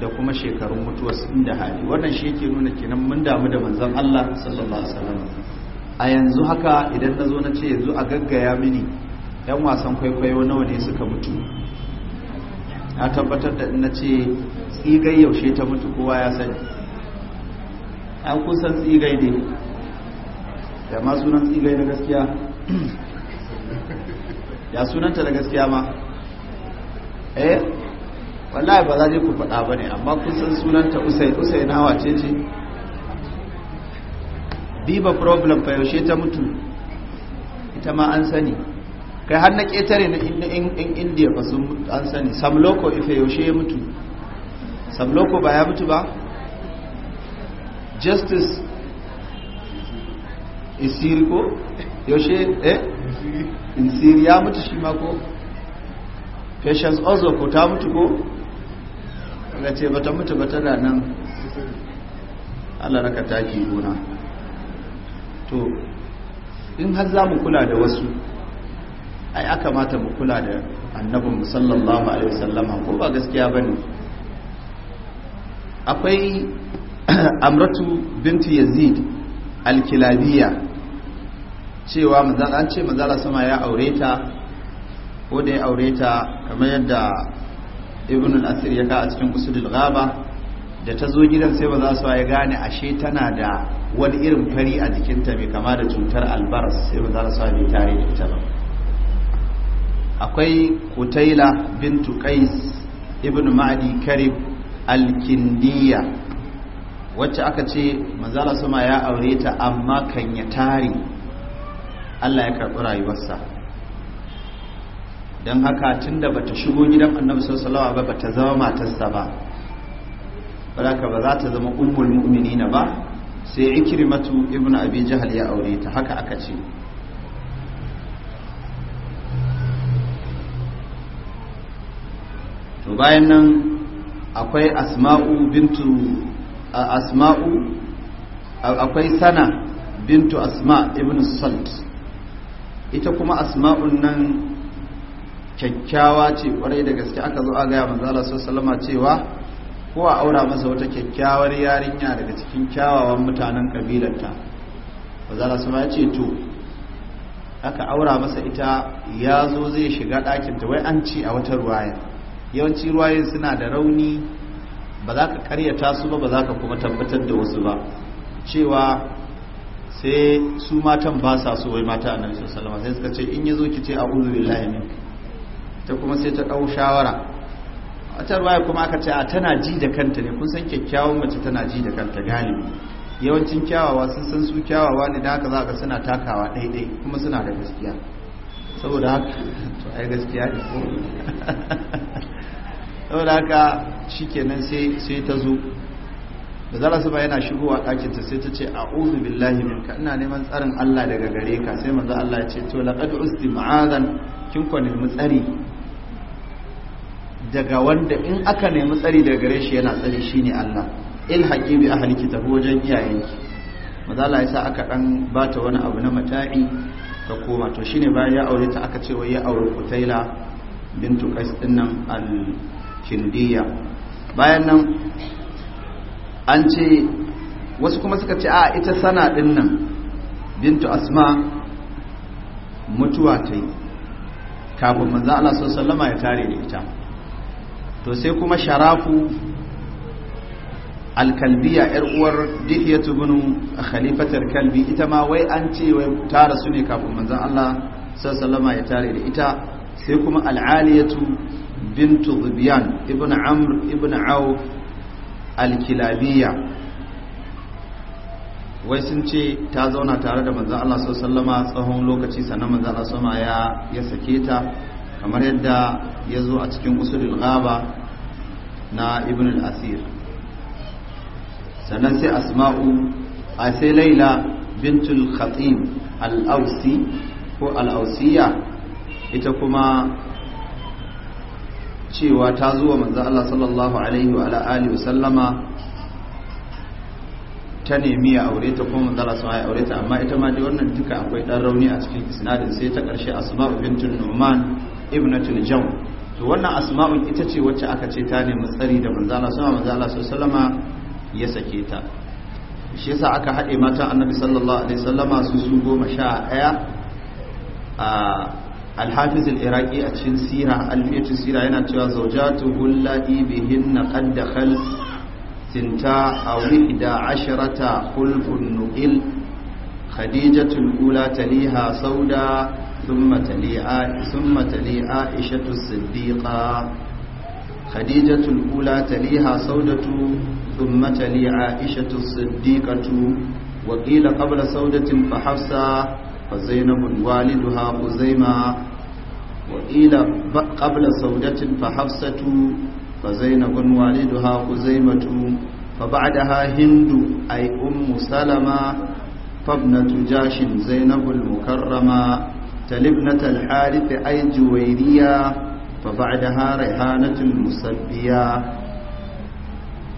da kuma shekarun mutuwa inda hali wannan shi yake nuna kenan mun damu da manzon Allah sallallahu alaihi wasallam a yanzu haka idan na zo na ce yanzu a gaggaya mini yan wasan kwaikwayo nawa ne suka mutu na tabbatar da na ce tsigai yaushe ta mutu kowa ya sani an kusan tsigai ne da ma sunan tsigai na gaskiya ya sunanta da gaskiya ma eh wallahi ba za je ku faɗa ba ne amma kun san sunanta usai usai na wace ce biba problem fa yaushe ta mutu ita ma an sani kai har na ƙetare na in indiya ba sun an sani samloko ife yaushe ya mutu samloko ba ya mutu ba justice isiri ko yaushe eh isiri ya mutu shi ma ko patience ozo ko ta mutu ko na ce bata mutu ba tana nan allah raka taki gona to in har za mu kula da wasu ai aka mata mu kula da annabin sallallahu alaihi wasallama ko ba gaskiya ba ne akwai amratu binti yazid alkilabiya cewa an ce mazala sama ya aure ta ko da ya aure ta kamar yadda ibn al-asir ya ka a cikin usulul ghaba da ta zo gidan sai ba za su ya gane ashe tana da wani irin fari a jikinta mai kama da cutar albaras sai ba za su bai tare da ita ba akwai kutaila bintu qais ibn ma'adi karib al-kindiya wacce aka ce manzala sama ya aure ta amma kan ya tare Allah ya karɓi rayuwarsa don haka tun tunda bata shigo gidan annabi sallallahu alaihi ba ta zama matarsa ba baraka ba za ta zama mumini na ba sai ikirmatu ibn abi jahal ya aure ta haka aka ce to bayan nan akwai asma'u bintu asma'u akwai sana bintu asma Ibn salt ita kuma asma'un nan kyakkyawa ce kwarai da gaske aka zo a gaya manzo Allah sallallahu alaihi cewa ko a aura masa wata kyakkyawar yarinya daga cikin kyawawan mutanen kabilarta manzo Allah sallallahu alaihi ya ce to aka aura masa ita ya zo zai shiga ɗakinta wai an ci a wata ruwaya yawanci ruwayen suna da rauni ba za ka karyata su ba ba za ka kuma tabbatar da wasu ba cewa sai su matan ba sa so wai mata annabi sallallahu alaihi wasallam sai suka ce in yazo ki ce a'udhu billahi minka ta kuma sai ta ɗau shawara can ruwaya kuma aka ce a tana ji da kanta ne kun san kyakkyawan mace tana ji da kanta galibi yawancin kyawawa sun san su kyawawa ne da haka za ka suna takawa ɗaiɗai kuma suna da gaskiya saboda haka to ai gaskiya ne ko saboda haka shikenan sai sai ta zo da zara su ba yana shigowa ɗakin ta sai ta ce a'udhu billahi minka ina neman tsarin Allah daga gare ka sai manzo Allah ya ce to laqad usti ma'azan kin ko nemi tsari daga wanda in aka nemi tsari daga gare shi yana tsari shine Allah in haƙi bi ahli tafi wajen iyayenki mazala sa aka ɗan ba ta wani abu na mata'i ta koma to shi ne bayan ya aure ta aka ce wai ya aure Kutaila bintu Qais nan, al-Kindiya bayan nan an ce wasu kuma suka ce a ita sana nan, bintu Asma mutuwa ta yi kafin manzo Allah sallallahu alaihi wasallama ya tare da ita to sai kuma sharafu alkalbiya yar uwar dihiyatu a khalifatar kalbi ita ma wai an ce wai ta rasu ne kafin manzan Allah sallama ya tare da ita sai kuma al'aliyatu bintu zubyan ibn amr ibn au alkilabiya wai sun ce ta zauna tare da manzan Allah sallama tsohon lokaci sannan manzan Allah ya ya sake ta kamar yadda ya zo a cikin usulul ghaba na ibn al-asir sannan sai asma'u a sai laila bintul khatim al-ausi ko al-ausiya ita kuma cewa ta zuwa manzo Allah sallallahu alaihi wa alihi sallama ta nemi ya aure ta kuma manzo Allah sallallahu aure ta amma ita ma dai wannan duka akwai dan rauni a cikin sinadin sai ta karshe asmau bintun nu'man ibnatul to wannan asma'u ita ce wacce aka ce ta nemi tsari da manzo Allah sama manzo Allah ya sake ta shi yasa aka haɗe mata annabi sallallahu alaihi wasallama su su goma sha a alhafiz al-iraqi a cikin sira alfiyatu sira yana cewa zawjatu hullati bihinna qad dakhal sinta aw ihda khulfun nuqil khadijatu al-ula taliha sauda ثم تلي ثم تلي عائشة الصديقة خديجة الأولى تليها سودة ثم تلي عائشة الصديقة وقيل قبل سودة فحفصة فزينب والدها خزيمة وقيل قبل سودة فحفصة فزينب والدها خزيمة فبعدها هند أي أم سلمة فابنة جاش زينب المكرمة تلبنة الحارث أي جويرية فبعدها ريحانة مسبية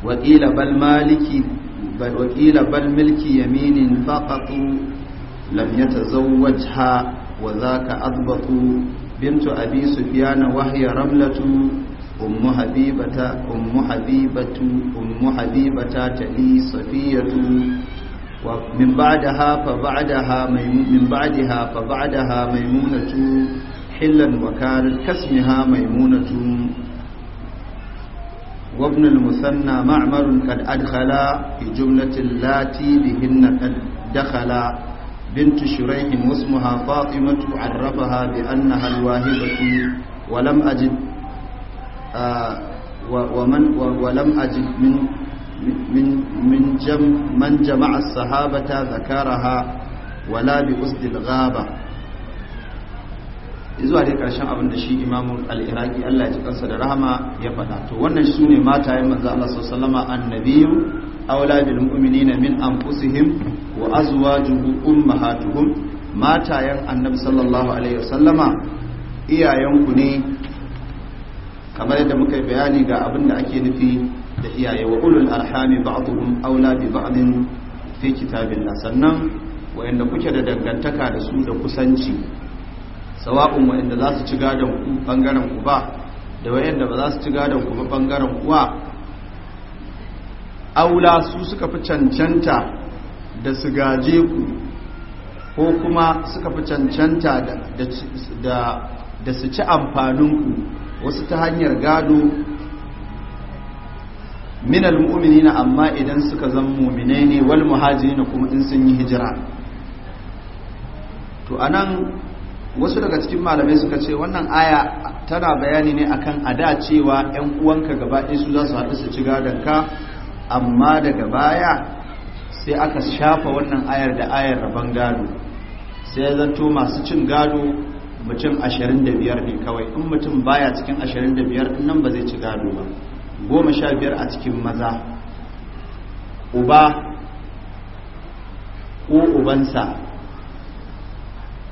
وقيل بل مالك بل وقيل بل ملك يمين فقط لم يتزوجها وذاك أضبط بنت أبي سفيان وهي رملة أم حبيبة أم حبيبة أم حبيبة تلي صفية ومن بعدها فبعدها من بعدها فبعدها ميمونة حلا وكانت كاسمها ميمونة وابن المثنى معمر قد أدخل في جملة اللاتي بهن قد دخل بنت شريح واسمها فاطمة عرفها بأنها الواهبة ولم أجد آه ومن ولم أجد من من من جم من جمع الصحابة ذكرها ولا بقصد الغابة izuwa dai karshen abin da shi imamun al Allah ya ji kansa da rahama ya faɗa to wannan su ne matayen manzo Allah sallama annabiyu aula bil na min anfusihim wa azwajuhu ummahatuhum matayen annabi sallallahu alaihi wasallama iyayenku ne kamar yadda muka yi bayani ga abin da ake nufi da iyaye wa ulul arhami ba'dhum aula bi ba'din fi kitabillah sannan wayanda kuke da dangantaka da su da kusanci sawa'un wayanda za su ci gadon ku bangaren ku ba da wayanda ba za su ci gadon ku ba bangaren kuwa aula su suka fi cancanta da su gaje ku ko kuma suka fi cancanta da da da su ci amfanin ku wasu ta hanyar gado min muminina amma idan suka zan mu'minai ne wal muhajirin kuma in sun yi hijira to anan wasu daga cikin malamai suka ce wannan aya tana bayani ne akan a da cewa yan uwanka gaba ɗaya su za su haɗu su ci gadonka amma daga baya sai aka shafa wannan ayar da ayar rabon gado sai zanto masu cin gado mutum 25 ne kawai in mutum baya cikin 25 nan ba zai ci gado ba goma sha biyar a cikin maza uba ko ubansa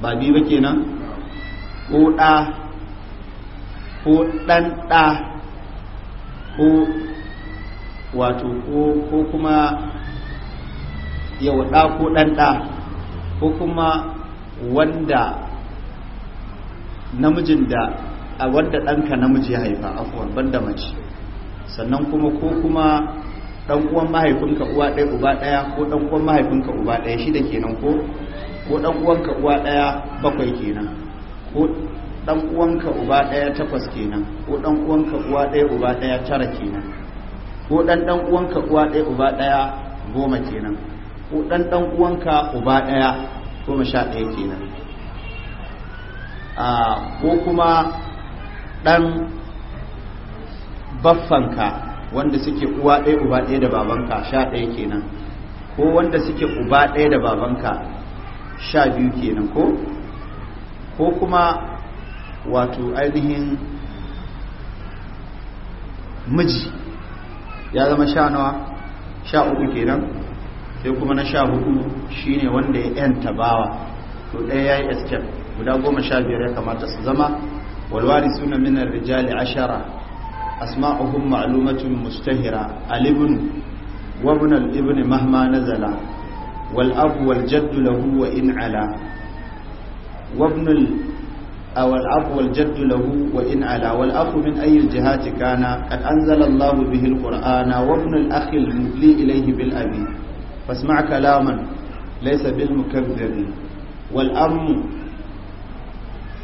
ba biyu ba kenan ko ɗa ko ɗan ɗa ko wato ko kuma yau ɗa ko ɗan ɗa ko kuma wanda namijin da a wanda ɗanka namiji ya haifa afuwan banda mace sannan kuma ko kuma dan uwan mahaifinka uwa ɗaya uba ɗaya ko dan uwan mahaifinka uba ɗaya shida kenan ko ko dan uwanka uwa ɗaya bakwai kenan ko dan uwanka uba ɗaya takwas kenan ko dan uwanka uwa ɗaya uba ɗaya tara kenan ko dan dan uwanka uwa ɗaya uba ɗaya goma kenan ko dan dan uwanka uba ɗaya goma sha ɗaya kenan ah, ko kuma dan baffanka wanda suke uwa ɗaya uba ɗaya da babanka sha ɗaya kenan ko wanda suke uba ɗaya da babanka sha biyu kenan ko ko kuma wato ainihin miji ya zama sha nawa sha uku kenan sai kuma na sha hudu shine wanda ya yanta bawa to ɗaya ya yi escape guda goma sha biyar ya kamata su zama walwari suna minar rijali ashara أسماؤهم معلومة مشتهرة الابن وابن الابن مهما نزل والأب والجد له وإن علا وابن ال أو الأب والجد له وإن علا والأخ من أي الجهات كان قد أنزل الله به القرآن وابن الأخ المدلي إليه بالأبي فاسمع كلاما ليس بالمكذب والأم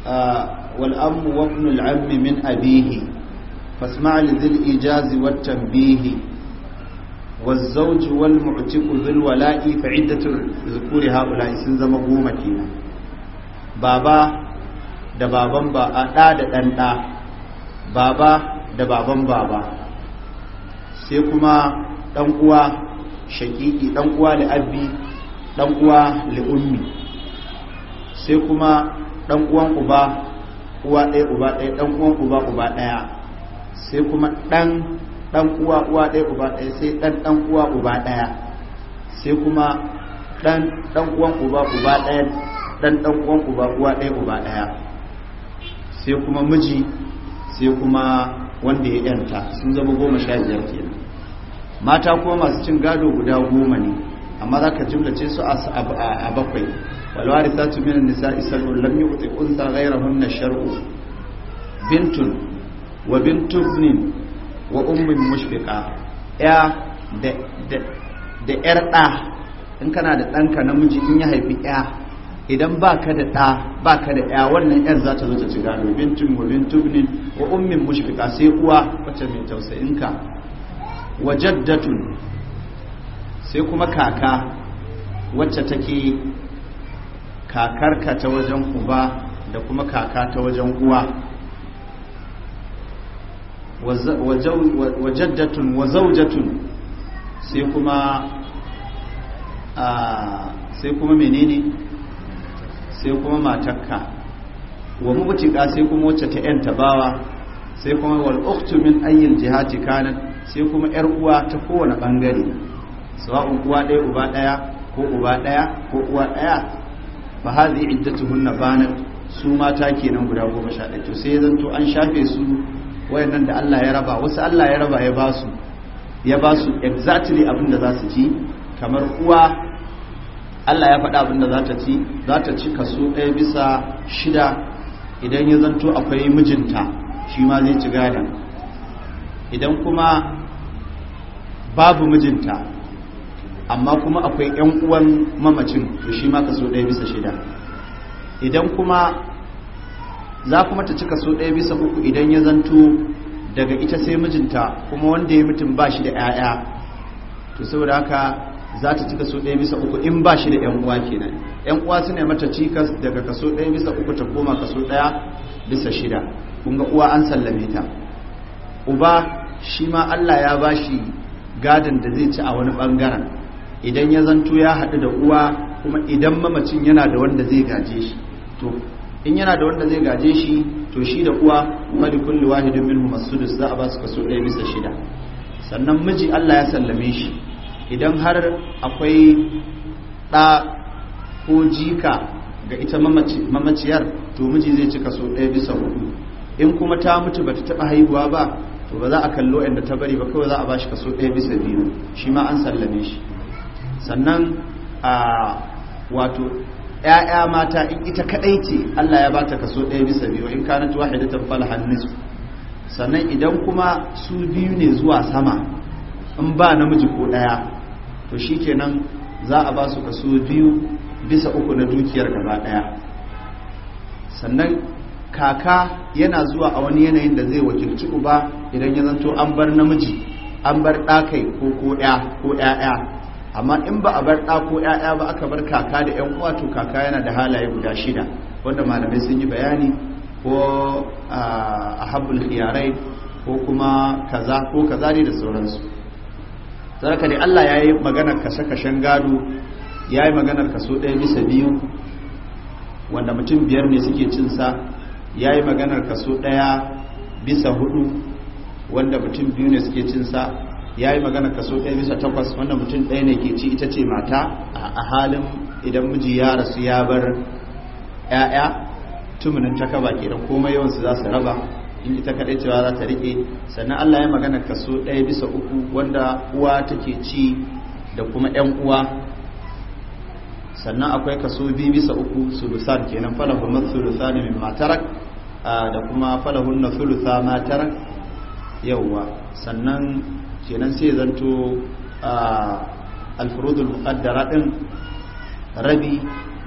آه والأم وابن العم من أبيه فاسمع لذي الإيجاز والتنبيه والزوج والمعتق ذو الولاء فعدة ذكور هؤلاء سنزا مقومة بابا da baban ba a ɗa da ɗan ɗa baba da baban baba sai kuma ɗan uwa shaƙiƙi ɗan uwa li'abbi ɗan uwa li'ummi sai kuma ɗan uwan uba uwa ɗaya uba ɗaya ɗan uwan uba uba ɗaya sai kuma ɗan ɗan uwa uwa ɗaya uba ɗaya sai ɗan ɗan uwa uba ɗaya sai kuma ɗan ɗan uwan uba uba ɗaya ɗan ɗan uwan uba uwa ɗaya uba ɗaya sai kuma miji sai kuma wanda ya yanta sun zama goma sha biyar kenan mata kuma masu cin gado guda goma ne amma za ka jimlace su a bakwai walwari ta tumi na nisa isar lam yi wuce unsa gairahun na shar'u bintun wa bintu znin wa ummin mushfiqa ya da yar da in kana da ɗanka namiji in ya haifi ya idan ba ka da ɗa ba ka da ya wannan yar za ta zo ta ci gano bintun wa bintubnin wa ummin mushfiqa sai uwa wacce mai tausayinka wa jaddatun sai kuma kaka wacce take kakarka ta wajen uba da kuma kaka ta wajen uwa wa jaddatun wa zaujatun sai kuma sai kuma menene sai kuma matakka wa mubutika sai kuma wacce ta yanta bawa sai kuma wal ukhtu min ayyil jihati kanat sai kuma yar uwa ta kowane bangare sawa'un uwa ɗaya uba ɗaya ko uba ɗaya ko uwa ɗaya fa hadhi iddatuhunna banat su mata kenan guda 11 to sai zanto an shafe su wayannan da Allah ya raba wasu Allah ya raba ya basu ya basu exactly abin da za su ci kamar uwa Allah ya faɗa abin da za ta ci za ta ci kaso ɗaya bisa shida idan ya zanto akwai mijinta shi ma zai ci gadon idan kuma babu mijinta amma kuma akwai 'yan uwan mamacin to shi ma kaso ɗaya bisa shida idan kuma za kuma ta cika so ɗaya bisa uku idan ya zanto daga ita sai mijinta kuma wanda ya mutum ba shi da 'ya'ya to saboda haka za ta cika so ɗaya bisa uku in ba shi da 'yan uwa kenan 'yan uwa suna mata cikas daga kaso ɗaya bisa uku ta koma kaso ɗaya bisa shida kun ga uwa an sallame ta uba shi ma allah ya ba shi gadon da zai ci a wani ɓangaren idan ya zanto ya haɗu da uwa kuma idan mamacin yana da wanda zai gaje shi to in yana da wanda zai gaje shi to shi da uwa mali kulli wahidin minhum as-sudus za a ba su kaso ɗaya bisa shida sannan miji Allah ya sallame shi idan har akwai ɗa ko jika ga ita mamaciyar to miji zai ci kaso ɗaya bisa hudu in kuma ta mutu bata taba haihuwa ba to ba za a kallo inda ta bari ba kawai za a bashi kaso ɗaya bisa biyu shi ma an sallame shi sannan a wato 'ya'ya mata in ita kadai ce Allah ya bata kaso ɗaya bisa biyu in kanat wahidatan falahan nisfu sannan idan kuma su biyu ne zuwa sama in ba namiji ko ɗaya to shikenan za a ba su kaso biyu bisa uku na dukiyar gaba ɗaya sannan kaka yana zuwa a wani yanayin da zai wakilci uba idan ya zanto an bar namiji an bar ɗakai ko ko ɗaya ko ɗaya amma in ba a bar ɗako ko ‘ya'ya ba aka bar kaka da ‘yan uwa to kaka yana da halaye guda shida wanda malamai sun yi bayani ko a habbul khiyarai ko kuma kaza ko kaza ne da sauransu saraka dai Allah ya yi maganar kashe-kashen gado ya yi maganar kaso ɗaya bisa biyu wanda mutum biyar ne suke cinsa ya yi maganar kaso ɗaya bisa hudu wanda mutum biyu ne suke cinsa ya yi magana kaso ɗaya bisa takwas wanda mutum ɗaya ne ke ci ita ce mata a halin idan miji ya rasu ya bar 'ya'ya tumunin ke kenan komai yawansu za su raba in ita kaɗai cewa za ta riƙe sannan allah ya magana kaso ɗaya bisa uku wanda uwa take ci da kuma 'yan uwa sannan akwai kaso biyu bisa uku sulusan kenan falahun na sulusa ne min matarak da kuma falahun na sulusa matarak yauwa sannan kenan sai zanto alfurudul muqaddara din rabi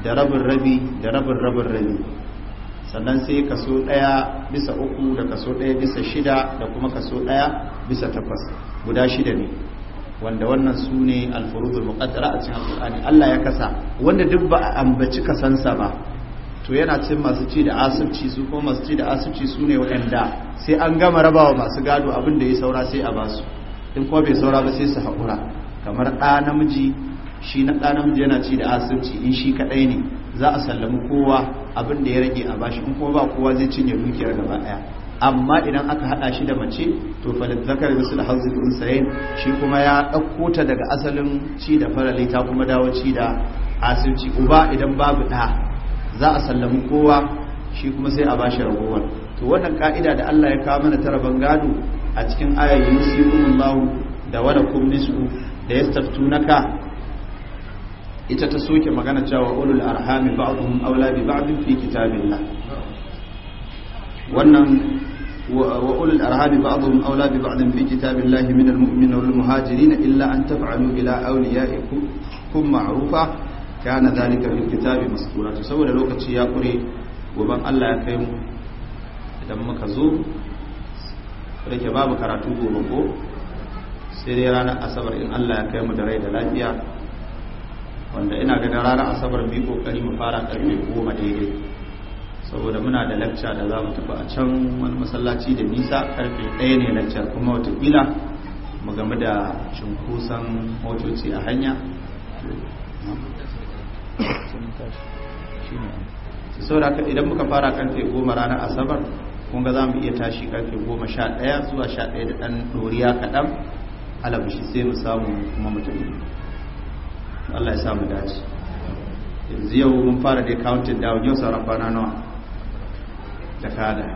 da rabin rabi da rabin rabin rabi sannan sai kaso ɗaya bisa uku da kaso ɗaya bisa shida da kuma kaso ɗaya bisa takwas guda shida ne wanda wannan su ne alfurudul muqaddara a cikin alkur'ani Allah ya kasa wanda duk ba a ambaci kasansa ba to yana cin masu ci da asirci su kuma masu ci da asirci su ne waɗanda sai an gama rabawa masu gado abin da ya saura sai a basu in kuma bai saura ba sai su haƙura kamar ɗa namiji shi na ɗa namiji yana ci da asirci in shi kaɗai ne za a sallami kowa abin da ya rage a bashi in kuma ba kowa zai cinye dukiyar gaba ɗaya amma idan aka haɗa shi da mace to fa da zakar bisu da hazzi bin sayin shi kuma ya ɗauko ta daga asalin ci da farali ta kuma dawo ci da asirci uba idan babu ɗa za a sallami kowa shi kuma sai a bashi ragowar to wannan ka'ida da Allah ya kawo mana tara gado a cikin ayayin siyukunullahu da wada kumnisu da ya staftunaka ita ta soke magana cewa ulul arhami ba'dhum aula bi ba'dhin fi kitabillah wannan wa ulul arhami ba'dhum aula bi ba'dhin fi kitabillah min almu'minina wal muhajirin illa an taf'alu ila awliyaikum kum ma'rufa kana zalika fi kitabi mas'ura saboda lokaci ya kure gaban Allah ya kai mu idan muka zo da babu karatu gobe ko sai dai ranar asabar in Allah ya kai mu da rai da lafiya wanda ina ga ranar asabar mu kokari mu fara karfe goma daidai saboda muna da lacca da za mu tafi a can wani masallaci da nisa karfe ɗaya ne laccar kuma watakila mu game da cunkoson motoci a hanya saboda idan muka fara karfe goma ranar asabar kun ga za mu iya tashi karfe goma sha ɗaya zuwa sha ɗaya da ɗan ɗoriya kaɗan alabashi sai mu samu kuma mutum Allah ya sa mu dace yanzu yau mun fara da counting down yau sauran kwana nawa da kada